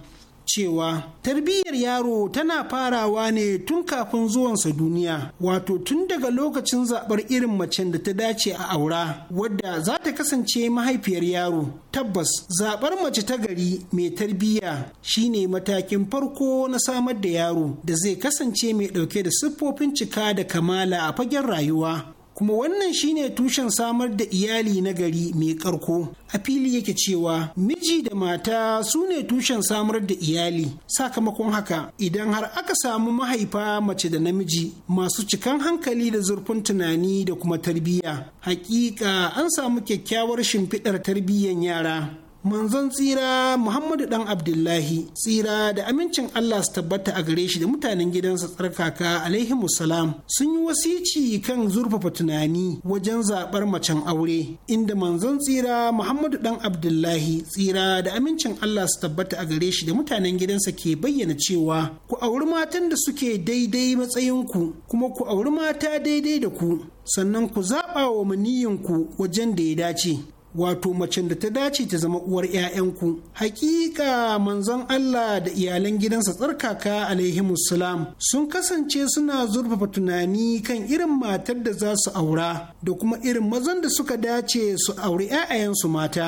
cewa tarbiyyar yaro tana farawa ne tun kafin zuwansa duniya wato tun daga lokacin zaɓar irin macen da ta dace a aura wadda za ta kasance mahaifiyar yaro tabbas zaɓar mace ta gari mai tarbiyya shine matakin farko na samar da yaro da zai kasance mai ɗauke da siffofin cika da kamala a fagen rayuwa kuma wannan shine tushen samar da iyali na gari mai karko a fili yake cewa miji da mata su ne tushen samar da iyali sakamakon haka idan har aka samu mahaifa mace da namiji masu cikan hankali da zurfin tunani da kuma tarbiyya hakika an samu kyakkyawar shimfiɗar tarbiyyar yara manzon tsira Muhammadu dan Abdullahi tsira da amincin Allah su tabbata a gare shi da mutanen gidansa tsarkaka alaihi musalam sun yi wasici kan zurfafa tunani wajen zaɓar macen aure inda manzon tsira Muhammadu dan Abdullahi tsira da amincin Allah su tabbata a gare shi da mutanen gidansa ke bayyana cewa ku auri matan da suke daidai matsayinku kuma ku auri mata daidai da ku sannan ku zaɓa wa maniyinku wajen da ya dace wato macen da ta dace ta zama uwar 'ya'yanku hakika manzon Allah da iyalan gidansa tsarkaka alaihimussalam sun kasance suna zurfafa tunani kan irin matar da za su aura da kuma irin mazan da suka dace su auri 'ya'yansu mata.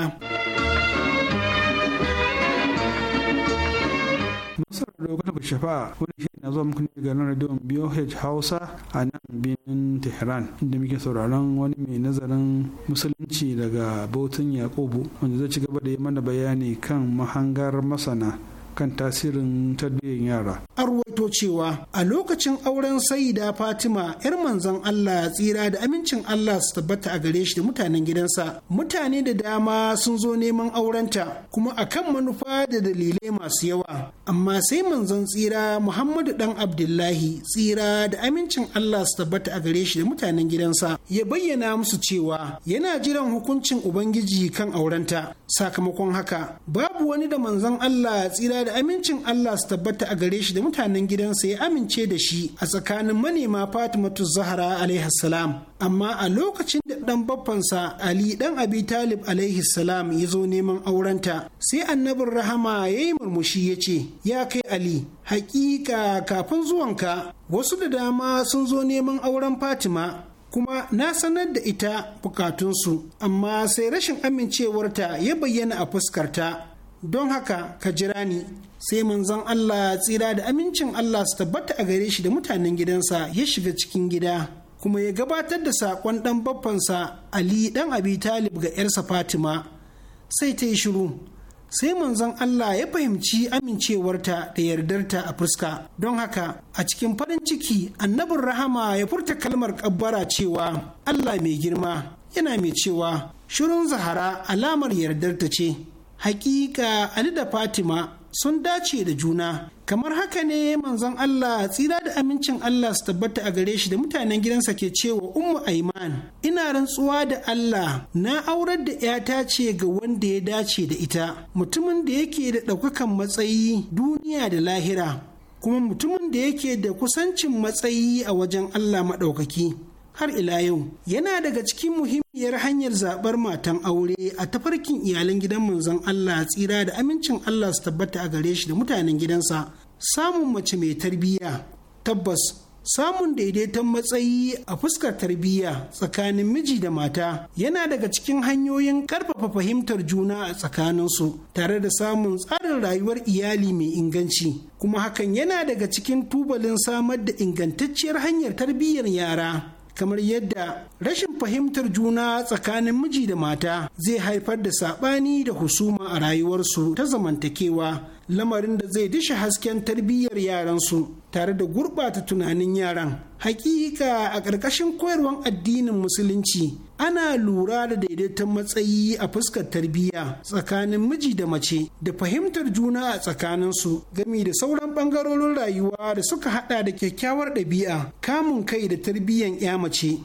masu rarrabar bu shafa wani shi na zuwa muku ne nan radio BOH Hausa a nan birnin Tehran inda muke sauraron wani mai nazarin musulunci daga Bautun Yakubu wanda zai ci gaba da yi mana bayani kan mahangar masana kan tasirin tarbiyyar yara. An ruwaito cewa a lokacin auren sayida Fatima ‘yar manzon Allah ya tsira da amincin Allah su tabbata a gare shi da mutanen gidansa. Mutane da dama sun zo neman aurenta kuma a kan manufa da dalilai masu yawa. Amma sai manzon tsira Muhammadu dan Abdullahi tsira da amincin Allah su tabbata a gare shi da mutanen gidansa ya bayyana musu cewa yana jiran hukuncin Ubangiji kan aurenta. Sakamakon haka babu wani da manzon Allah ya tsira da da amincin Allah su tabbata a gare shi da mutanen gidansa ya amince da shi a tsakanin manema Fatimatu Zahra alaihi salam amma a lokacin da dan baffansa Ali dan Abi Talib alaihi salam ya zo neman aurenta sai annabin rahama ya yi murmushi ya ce ya kai Ali hakika kafin zuwanka wasu da dama sun zo neman auren Fatima kuma na sanar da ita bukatunsu amma sai rashin amincewarta ya bayyana a fuskarta don haka ka jira ni sai manzon Allah ya tsira da amincin Allah su tabbata a gare shi da mutanen gidansa ya shiga cikin gida kuma ya gabatar da saƙon ɗan baffansa Ali ɗan Abi Talib ga 'yarsa Fatima sai ta yi shiru sai manzon Allah ya fahimci amincewarta da yardarta a fuska don haka a cikin farin ciki annabin rahama ya furta kalmar kabbara cewa Allah mai girma yana mai cewa shirin zahara alamar yardarta ce hakika Ali da Fatima sun dace da juna kamar haka ne manzon Allah tsira da amincin Allah su tabbata a gare shi da mutanen gidansa ke cewa ummu aiman ina rantsuwa da Allah na aurar da yata ce ga wanda ya dace da ita mutumin da yake da ɗaukakan matsayi duniya da lahira kuma mutumin da yake da kusancin matsayi a wajen Allah maɗaukaki har ila yau yana daga cikin muhimmiyar hanyar zaɓar matan aure a tafarkin iyalan gidan manzon Allah tsira da amincin Allah su tabbata a gare shi da mutanen gidansa samun mace mai tarbiyya tabbas samun daidaiton matsayi a fuskar tarbiyya tsakanin miji da mata yana daga cikin hanyoyin karfafa fahimtar juna a tsakaninsu tare da samun tsarin rayuwar iyali mai inganci kuma hakan yana daga cikin tubalin samar da ingantacciyar hanyar tarbiyyar yara kamar yadda rashin fahimtar juna tsakanin miji da mata zai haifar da saɓani da husuma a rayuwarsu ta zamantakewa lamarin da zai dishe hasken tarbiyyar yaransu tare da gurɓata tunanin yaran hakika a ƙarƙashin koyarwar addinin musulunci ana lura da daidaiton matsayi a fuskar tarbiyya tsakanin miji da mace da fahimtar juna a tsakaninsu gami da sauran ɓangarorin rayuwa da suka haɗa da kyakkyawar ɗabi'a kamun kai da tarbiyyar ya mace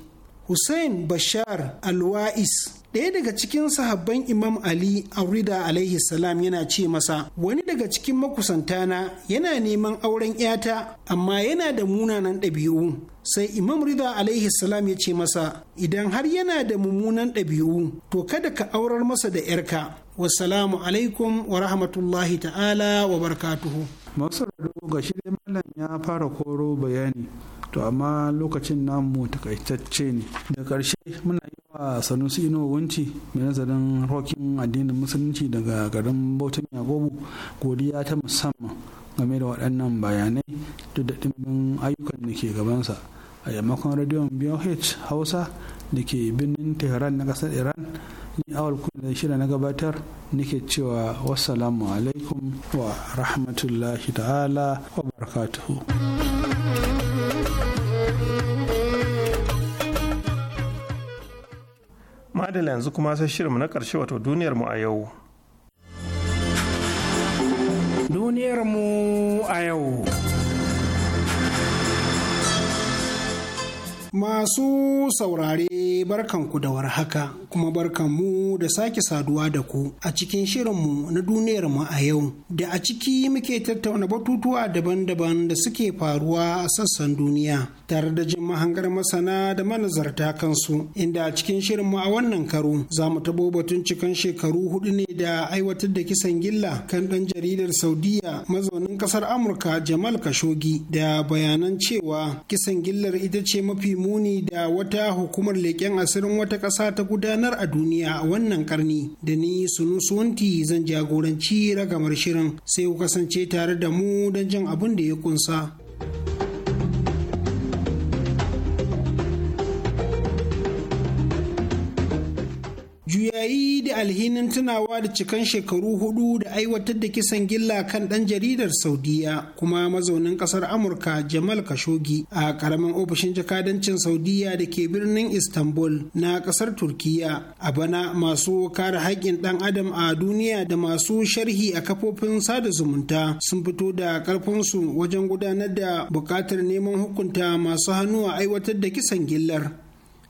hussein bashar alwa'is ɗaya daga cikin sahabban imam ali aurida alaihi salam yana ce masa wani daga cikin makusantana yana neman auren 'yata amma yana da munanan ɗabi'u sai imam rida alaihi salam ya ce masa idan har yana da mummunan ɗabi'u to kada ka aurar masa da 'yarka wasalamu alaikum wa rahmatullahi ta'ala wa barkatuhu masu ga shirin malam ya fara koro bayani to amma lokacin namu takaitacce ne da karshe muna yi wa sanusi ino wunci mai nazarin rokin addinin musulunci daga garin bautan yagobu godiya ta musamman game da waɗannan bayanai duk da ɗimbin ayyukan da ke gabansa a yammakon rediyon boh hausa da ke birnin tehran na ƙasar iran ni awal kuma shida na gabatar nake cewa wassalamu alaikum wa rahmatullahi ta'ala wa barakatuhu. madala yanzu kuma sai shirinmu na ƙarshe wato duniyarmu a yau duniyarmu a yau Masu saurare barkanku da warhaka. kuma barkanmu da sake saduwa da ku a cikin shirinmu na duniyar mu a yau da a ciki muke tattauna batutuwa daban-daban da suke faruwa a sassan duniya tare da jin mahangar masana da manazarta kansu inda a cikin shirinmu a wannan karo za mu tabo batun cikan shekaru hudu ne da aiwatar da kisan gilla kan ɗan jaridar saudiya mazaunin ƙasar amurka jamal kashogi da bayanan cewa kisan gillar ita ce mafi muni da wata hukumar leƙen asirin wata ƙasa ta gudanar ranar a duniya a wannan karni da ni sunu suwanti zan jagoranci ragamar shirin sai ku kasance tare da mu don jin abin da ya kunsa. yayi da alhinin tunawa da cikan shekaru hudu da aiwatar da kisan gilla kan ɗan jaridar Saudiya kuma mazaunin ƙasar Amurka Jamal kashogi a ƙaramin ofishin jakadancin Saudiya da ke birnin Istanbul na ƙasar Turkiya. A bana masu kare haƙƙin ɗan adam a duniya da masu sharhi a kafofin sada zumunta sun fito da ƙarfinsu wajen gudanar da buƙatar neman hukunta masu hannu a aiwatar da kisan gillar.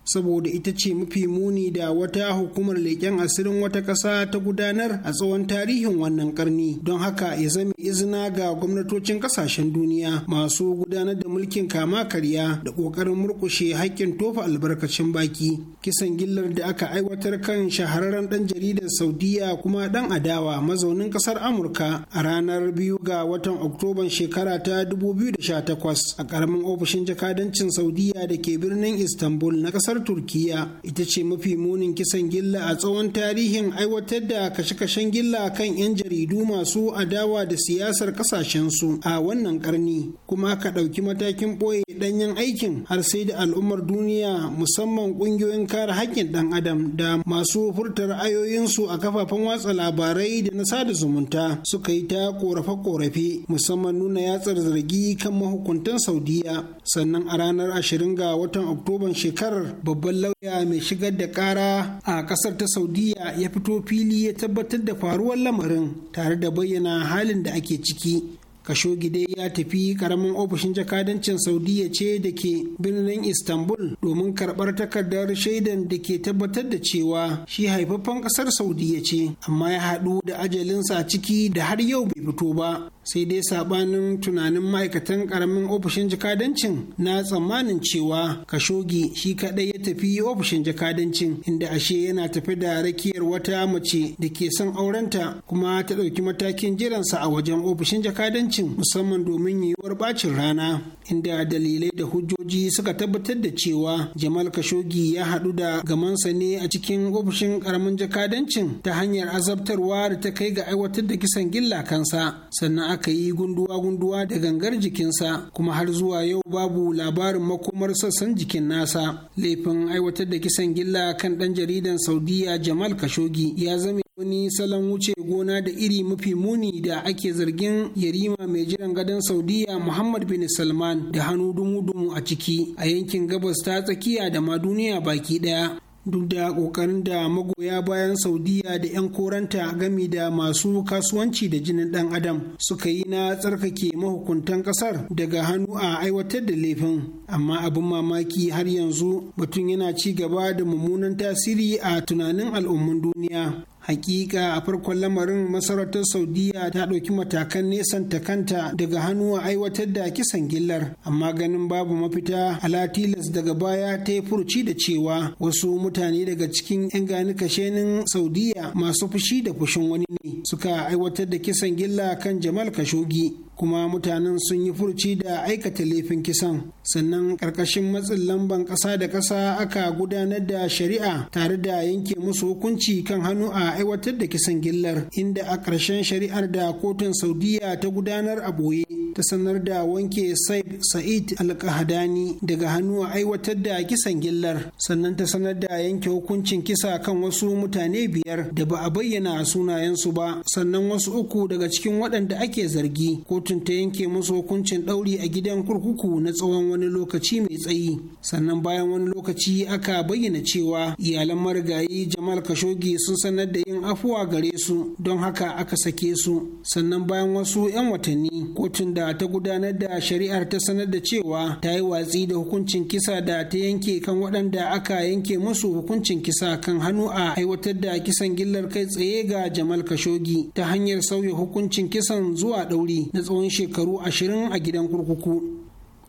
saboda ita ce mafi muni da wata hukumar leƙen asirin wata ƙasa ta gudanar a tsawon tarihin wannan ƙarni don haka ya zama izina ga gwamnatocin ƙasashen duniya masu gudanar da mulkin kama karya da ƙoƙarin murƙushe haƙƙin tofa albarkacin baki kisan gillar da aka aiwatar kan shahararren dan jaridar saudiya kuma ɗan adawa mazaunin kasar amurka a ranar biyu ga watan oktoban shekara ta 2018 a karamin ofishin jakadancin saudiya da ke birnin istanbul na kasar turkiya ita ce mafi munin kisan gilla a tsawon tarihin aiwatar da kashe-kashen gilla kan 'yan jaridu masu adawa da siyasar ƙasashensu a wannan karni kuma aka ɗauki matakin ɓoye ɗanyen aikin har sai da al'ummar duniya musamman ƙungiyoyin kare hakkin ɗan adam da masu furta ra'ayoyinsu a kafafen watsa labarai da na sada zumunta suka yi ta korafe-korafe musamman nuna yatsar zargi kan mahukuntan saudiya sannan a ranar 20 ga watan oktoban shekarar babban lauya mai shigar da kara a kasar ta saudiya ya fito fili ya tabbatar da faruwar lamarin tare da bayyana halin da ake ciki Kashogide dai ya tafi karamin ofishin jakadancin Saudiya ce da ke birnin Istanbul domin karɓar takardar shaidan da ke tabbatar da cewa shi haifaffen ƙasar Saudiya ce, amma ya haɗu da ajalinsa ciki da har yau bai fito ba. Sai dai sabanin tunanin ma'aikatan karamin ofishin jakadancin na tsammanin cewa kashogi shi kaɗai ya tafi ofishin jakadancin inda ashe yana tafi da rakiyar wata mace da ke son aurenta kuma ta ɗauki matakin jiransa a wajen ofishin jakadancin. haramcin musamman domin yiwuwar bacin rana inda dalilai da hujjoji suka tabbatar da cewa jamal kashogi ya haɗu da gamansa ne a cikin ofishin karamin jakadancin ta hanyar azabtarwa da ta kai ga aiwatar da kisan gilla kansa sannan aka yi gunduwa-gunduwa da gangar jikinsa kuma har zuwa yau babu labarin makomar sassan jikin nasa laifin aiwatar da kisan gilla kan ɗan jaridan saudiya jamal kashogi ya zame wani salon wuce gona da iri mafi muni da ake zargin yarima mai jiran gadon saudiya muhammad bin salman da hannu dumu-dumu a ciki a yankin gabas ta tsakiya da ma duniya baki daya duk da kokarin da magoya bayan saudiya da 'yan koranta gami da masu kasuwanci da jinin dan adam suka yi na tsarkake mahukuntan kasar daga hannu a aiwatar da laifin amma abin mamaki har yanzu batun yana ci gaba da mummunan tasiri a tunanin al'ummun duniya hakika a farkon lamarin masarautar saudiya ta ɗauki matakan nesanta kanta daga hannu a aiwatar da kisan gillar amma ganin babu mafita alatilas daga baya ta yi furci da cewa wasu mutane daga cikin 'yan gani kashenin saudiya masu fushi da fushin wani ne suka aiwatar da kisan gilla kan jamal kashogi kuma mutanen sun yi furci da aikata laifin kisan sannan ƙarƙashin matsin lamban ƙasa da ƙasa aka gudanar da shari'a tare da yanke musu hukunci kan hannu a aiwatar da kisan gillar inda a ƙarshen shari'ar da kotun saudiya ta gudanar a boye ta sanar da wanke saib sa'id alƙahadani daga hannu a aiwatar da kisan gillar sannan ta sanar da yanke hukuncin kisa kan wasu mutane biyar da ba a bayyana sunayensu ba sannan wasu uku daga cikin waɗanda ake zargi ko kotun ta yanke musu hukuncin ɗauri a gidan kurkuku na tsawon wani lokaci mai tsayi sannan bayan wani lokaci aka bayyana cewa iyalan marigayi jamal kashogi sun sanar da yin afuwa gare su don haka aka sake su sannan bayan wasu 'yan watanni kotun da ta gudanar da shari'ar ta sanar da cewa ta yi watsi da hukuncin kisa da ta yanke kan waɗanda aka yanke musu hukuncin kisa kan hannu a aiwatar da kisan gillar kai tsaye ga jamal kashogi ta hanyar sauya hukuncin kisan zuwa ɗauri na tsawon shekaru ashirin a gidan kurkuku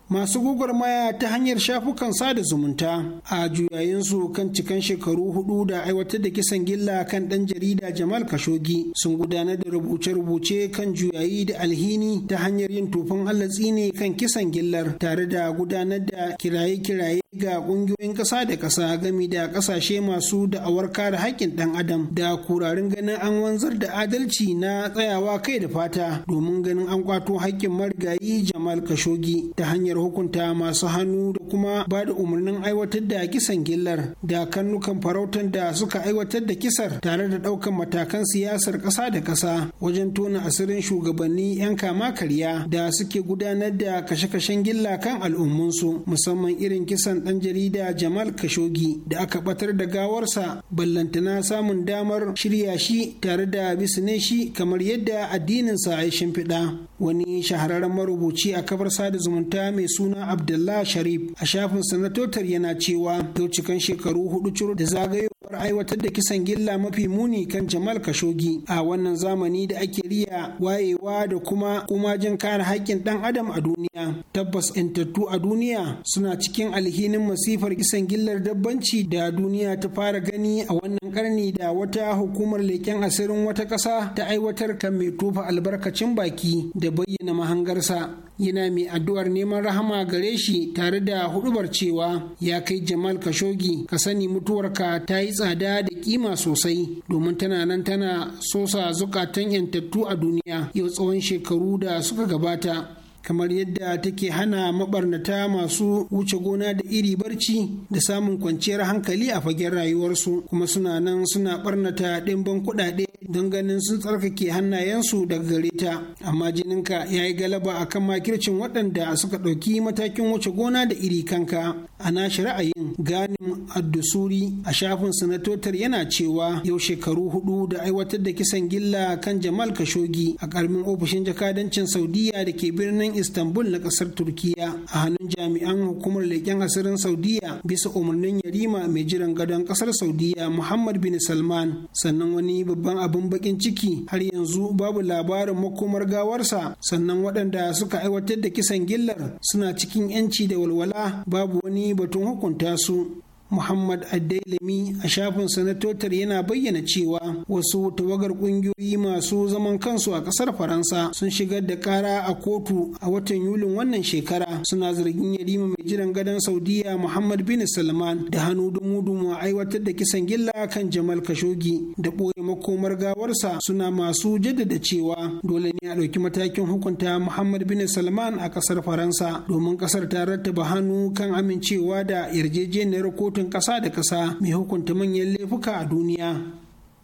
masu maya ta hanyar shafukan sada zumunta a juyayinsu kan cikan shekaru hudu da aiwatar da kisan gilla kan dan jarida jamal kashogi sun gudanar da rubuce-rubuce kan juyayi da alhini ta hanyar yin tufin allatsi ne kan kisan gillar tare da gudanar da kiraye-kiraye ga kungiyoyin ƙasa da ƙasa gami da ƙasashe masu da'awar kare haƙƙin ɗan adam da kurarin ganin an wanzar da adalci na tsayawa kai da fata domin ganin an kwato haƙƙin marigayi jamal kashogi ta hanyar niyyar hukunta masu hannu da kuma ba da umarnin aiwatar da kisan gillar da kannukan farautar da suka aiwatar da kisar tare da ɗaukan matakan siyasar ƙasa da ƙasa wajen tona asirin shugabanni 'yan kama karya da suke gudanar da kashe-kashen gilla kan al'ummunsu musamman irin kisan ɗan jarida jamal kashogi da aka batar da gawarsa ballantana samun damar shirya shi tare da bisne shi kamar yadda addininsa ya shimfiɗa wani shahararren marubuci a kafar sada zumunta mai suna abdullah sharif a shafin sanatotar yana cewa yau shekaru hudu ciro da zagayowar aiwatar da kisan gilla mafi muni kan jamal kashogi a wannan zamani da ake riya wayewa da kuma kumajin kare haƙƙin ɗan adam a duniya tabbas intattu a duniya suna cikin alhinin masifar kisan gillar dabbanci da duniya ta fara gani a wannan karni da wata hukumar leƙen asirin wata ƙasa ta aiwatar kan mai tofa albarkacin baki da da bayyana mahangarsa yana mai addu'ar neman rahama gare shi tare da hudubar cewa ya kai jamal kashogi ka sani mutuwarka ta yi tsada da kima sosai domin tana nan tana sosa zukatan yantattu a duniya yau tsawon shekaru da suka gabata kamar yadda take hana mabarnata masu wuce gona da iri barci da samun kwanciyar hankali a fagen rayuwarsu kuma suna nan suna barnata ɗimbin kuɗaɗe don ganin sun tsarkake hannayensu daga gare ta amma jininka ya yi galaba a kan makircin waɗanda suka ɗauki matakin wuce gona da iri kanka a nashi ra'ayin ganin addusuri a shafin sanatotar yana cewa yau shekaru hudu da aiwatar da kisan gilla kan jamal kashogi a ƙaramin ofishin jakadancin Saudiyya da ke birnin istanbul na kasar turkiya a hannun jami'an hukumar leƙen asirin saudiya bisa umarnin yarima mai jiran gadon kasar saudiya muhammad bin salman sannan wani babban abin bakin ciki har yanzu babu labarin makomar gawarsa sannan waɗanda suka aiwatar da kisan gillar suna cikin 'yanci da walwala babu wani batun hukunta su Muhammad Adelemi a shafin na sanatotar yana bayyana cewa wasu tawagar kungiyoyi masu zaman kansu a kasar Faransa sun shigar da kara a kotu a watan Yulin wannan shekara suna zargin yarima mai jiran gadon Saudiya Muhammad bin Salman da hannu dumu-dumu a aiwatar da kisan gilla kan Jamal Khashoggi da ɓoye makomar gawarsa suna masu jaddada cewa dole ne a ɗauki matakin hukunta Muhammad bin Salman a kasar Faransa domin ƙasar ta rattaba hannu kan amincewa da yarjejeniyar kotu hukuncin ƙasa da ƙasa mai hukunta manyan laifuka a duniya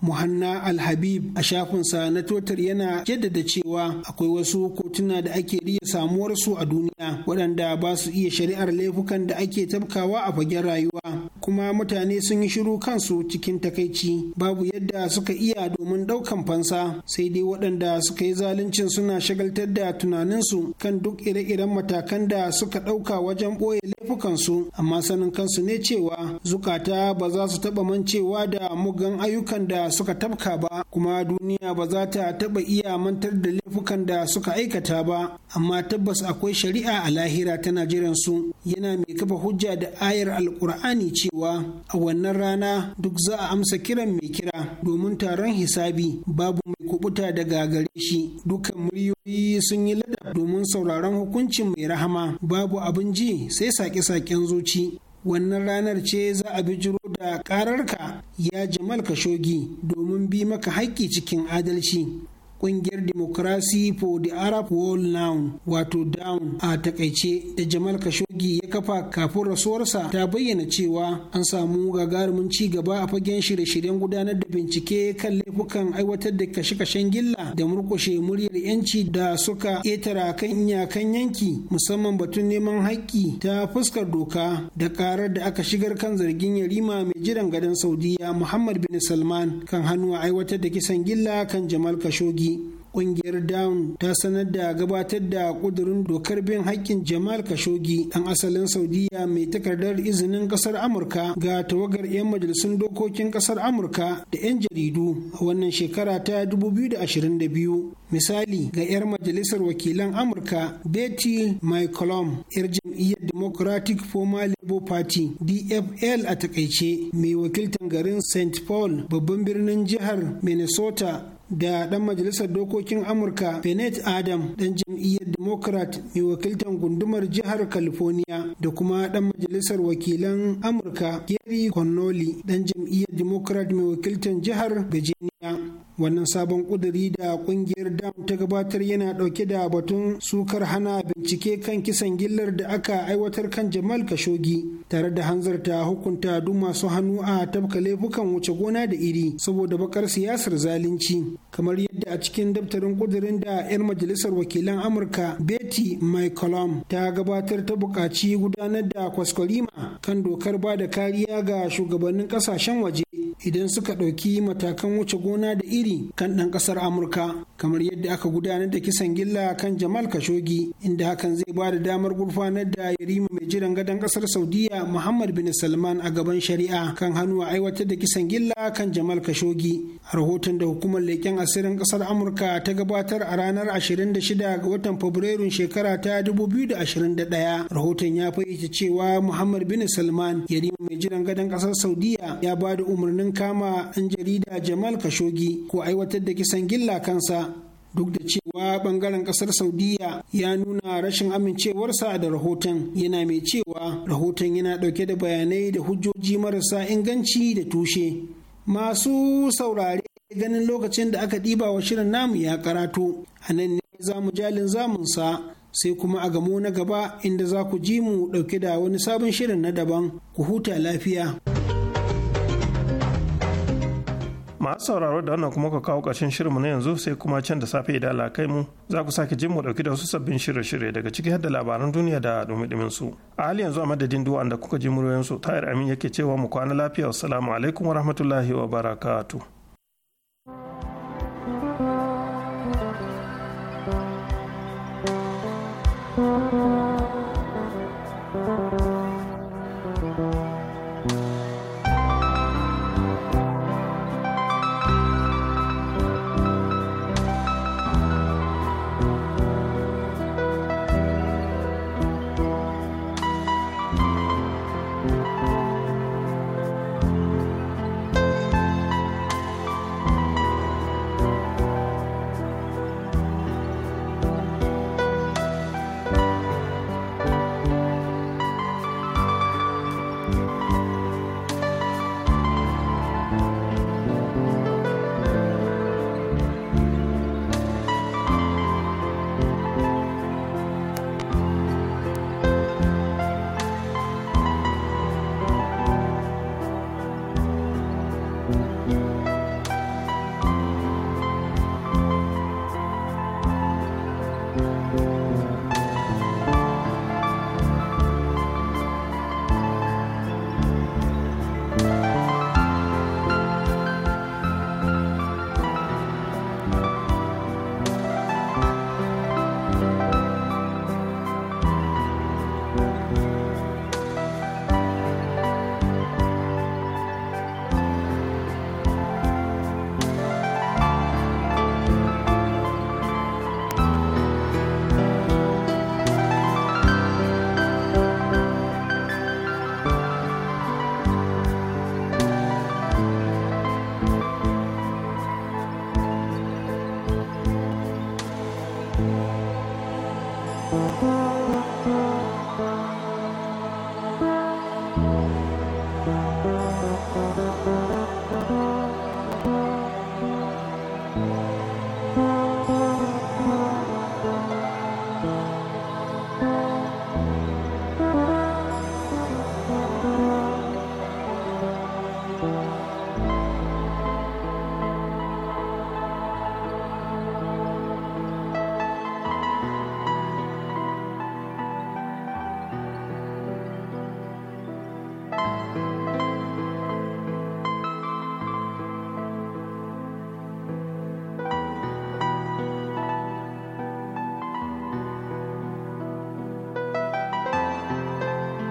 muhanna alhabib a shafinsa na totar yana jaddada cewa akwai wasu kotuna da ake iya samuwar su a duniya waɗanda ba su iya shari'ar laifukan da ake tabkawa a fagen rayuwa kuma mutane sun yi shiru kansu cikin takaici babu yadda suka iya domin ɗaukan fansa sai dai waɗanda suka yi zaluncin suna shagaltar da tunaninsu kan duk ire-iren matakan da suka ɗauka wajen ɓoye laifukansu amma sanin kansu ne cewa zukata ba za su taɓa mancewa da mugan ayyukan da suka tabka ba kuma duniya ba za ta taɓa iya mantar da laifukan da suka aikata ba amma tabbas akwai shari'a a lahira tana jiran su yana mai kafa hujja da ayar alkur'ani cewa a wannan rana duk za a amsa kiran mai kira domin taron hisabi babu mai kubuta daga gare shi dukkan muryoyi sun yi ladab domin sauraron hukuncin mai rahama babu abin ji sai sake-saken zuci wannan ranar ce za a bijiro da ƙararka ya jamal kashogi domin bi maka haƙƙi cikin adalci kungiyar democracy for the arab world now wato down a takaice da jamal kashogi ya kafa kafin rasuwarsa ta bayyana cewa an samu gagarumin ci gaba a fagen shirye-shiryen gudanar da bincike kan laifukan aiwatar da kashe-kashen gilla da murkushe muryar yanci da suka ƙetara kan iyakan yanki musamman batun neman haƙƙi ta fuskar doka da karar da aka shigar kan zargin yarima mai jiran gadon saudiya muhammad bin salman kan hannu a aiwatar da kisan gilla kan jamal kashogi kungiyar down ta sanar da gabatar da kudurin dokar bin haƙƙin jamal kashogi ɗan asalin saudiya mai takardar izinin ƙasar amurka ga tawagar 'yan majalisun dokokin ƙasar amurka da 'yan jaridu a wannan shekara ta 2022 misali ga 'yar majalisar wakilan amurka betty mccollum 'yar jam'iyyar democratic former labour party dfl a takaice mai wakiltan garin st paul babban birnin jihar minnesota da ɗan majalisar dokokin amurka Bennett adam ɗan jam'iyyar democrat mai wakiltar gundumar jihar california da kuma ɗan majalisar wakilan amurka gary connolly ɗan jam'iyyar democrat mai wakiltar jihar virginia wannan sabon kuduri da kungiyar dam ta gabatar yana dauke da batun sukar hana bincike kan kisan gillar da aka aiwatar kan jamal kashogi tare da hanzarta hukunta duk masu hannu a tabka laifukan wuce gona da iri saboda bakar siyasar zalunci kamar yadda a cikin daftarin kudurin da 'yan majalisar wakilan amurka betty mccollum ta gabatar ta bukaci gudanar da kwaskwarima kan dokar ba da kariya ga shugabannin kasashen waje idan suka ɗauki matakan wuce gona da iri tasiri kan ɗan ƙasar amurka kamar yadda aka gudanar da kisan gilla kan jamal kashogi inda hakan zai ba da damar gurfanar da yarima mai jiran gadon ƙasar saudiya muhammad bin salman a gaban shari'a kan hannu a aiwatar da kisan gilla kan jamal kashogi a rahoton da hukumar leƙen asirin ƙasar amurka ta gabatar a ranar 26 ga watan fabrairun shekara ta 2021 rahoton ya fayyace cewa muhammad bin salman yarima mai jiran gadon ƙasar saudiya ya ba da umarnin kama ɗan jarida jamal kashogi ko aiwatar da kisan gilla kansa duk da cewa bangaren kasar saudiya ya nuna rashin amincewarsa da rahoton yana mai cewa rahoton yana dauke da bayanai da hujjoji marasa inganci da tushe masu saurare ganin lokacin da aka ɗiba wa shirin namu ya karatu a nan ne za mu jalin zamunsa sai kuma a gamo na gaba inda za ku ji mu ɗauke da wani sabon shirin na daban ku huta lafiya. masu sauraro da wannan kuma ka kawo ƙarshen shirinmu na yanzu sai kuma can da safe idan lakai mu za ku sake jin mu dauki da wasu sabbin shirye-shirye daga ciki har da labaran duniya da dumi su a hali yanzu a madadin duwan da kuka ji muryoyin su tayar amin yake cewa mu kwana lafiya assalamu alaikum wa barakatu.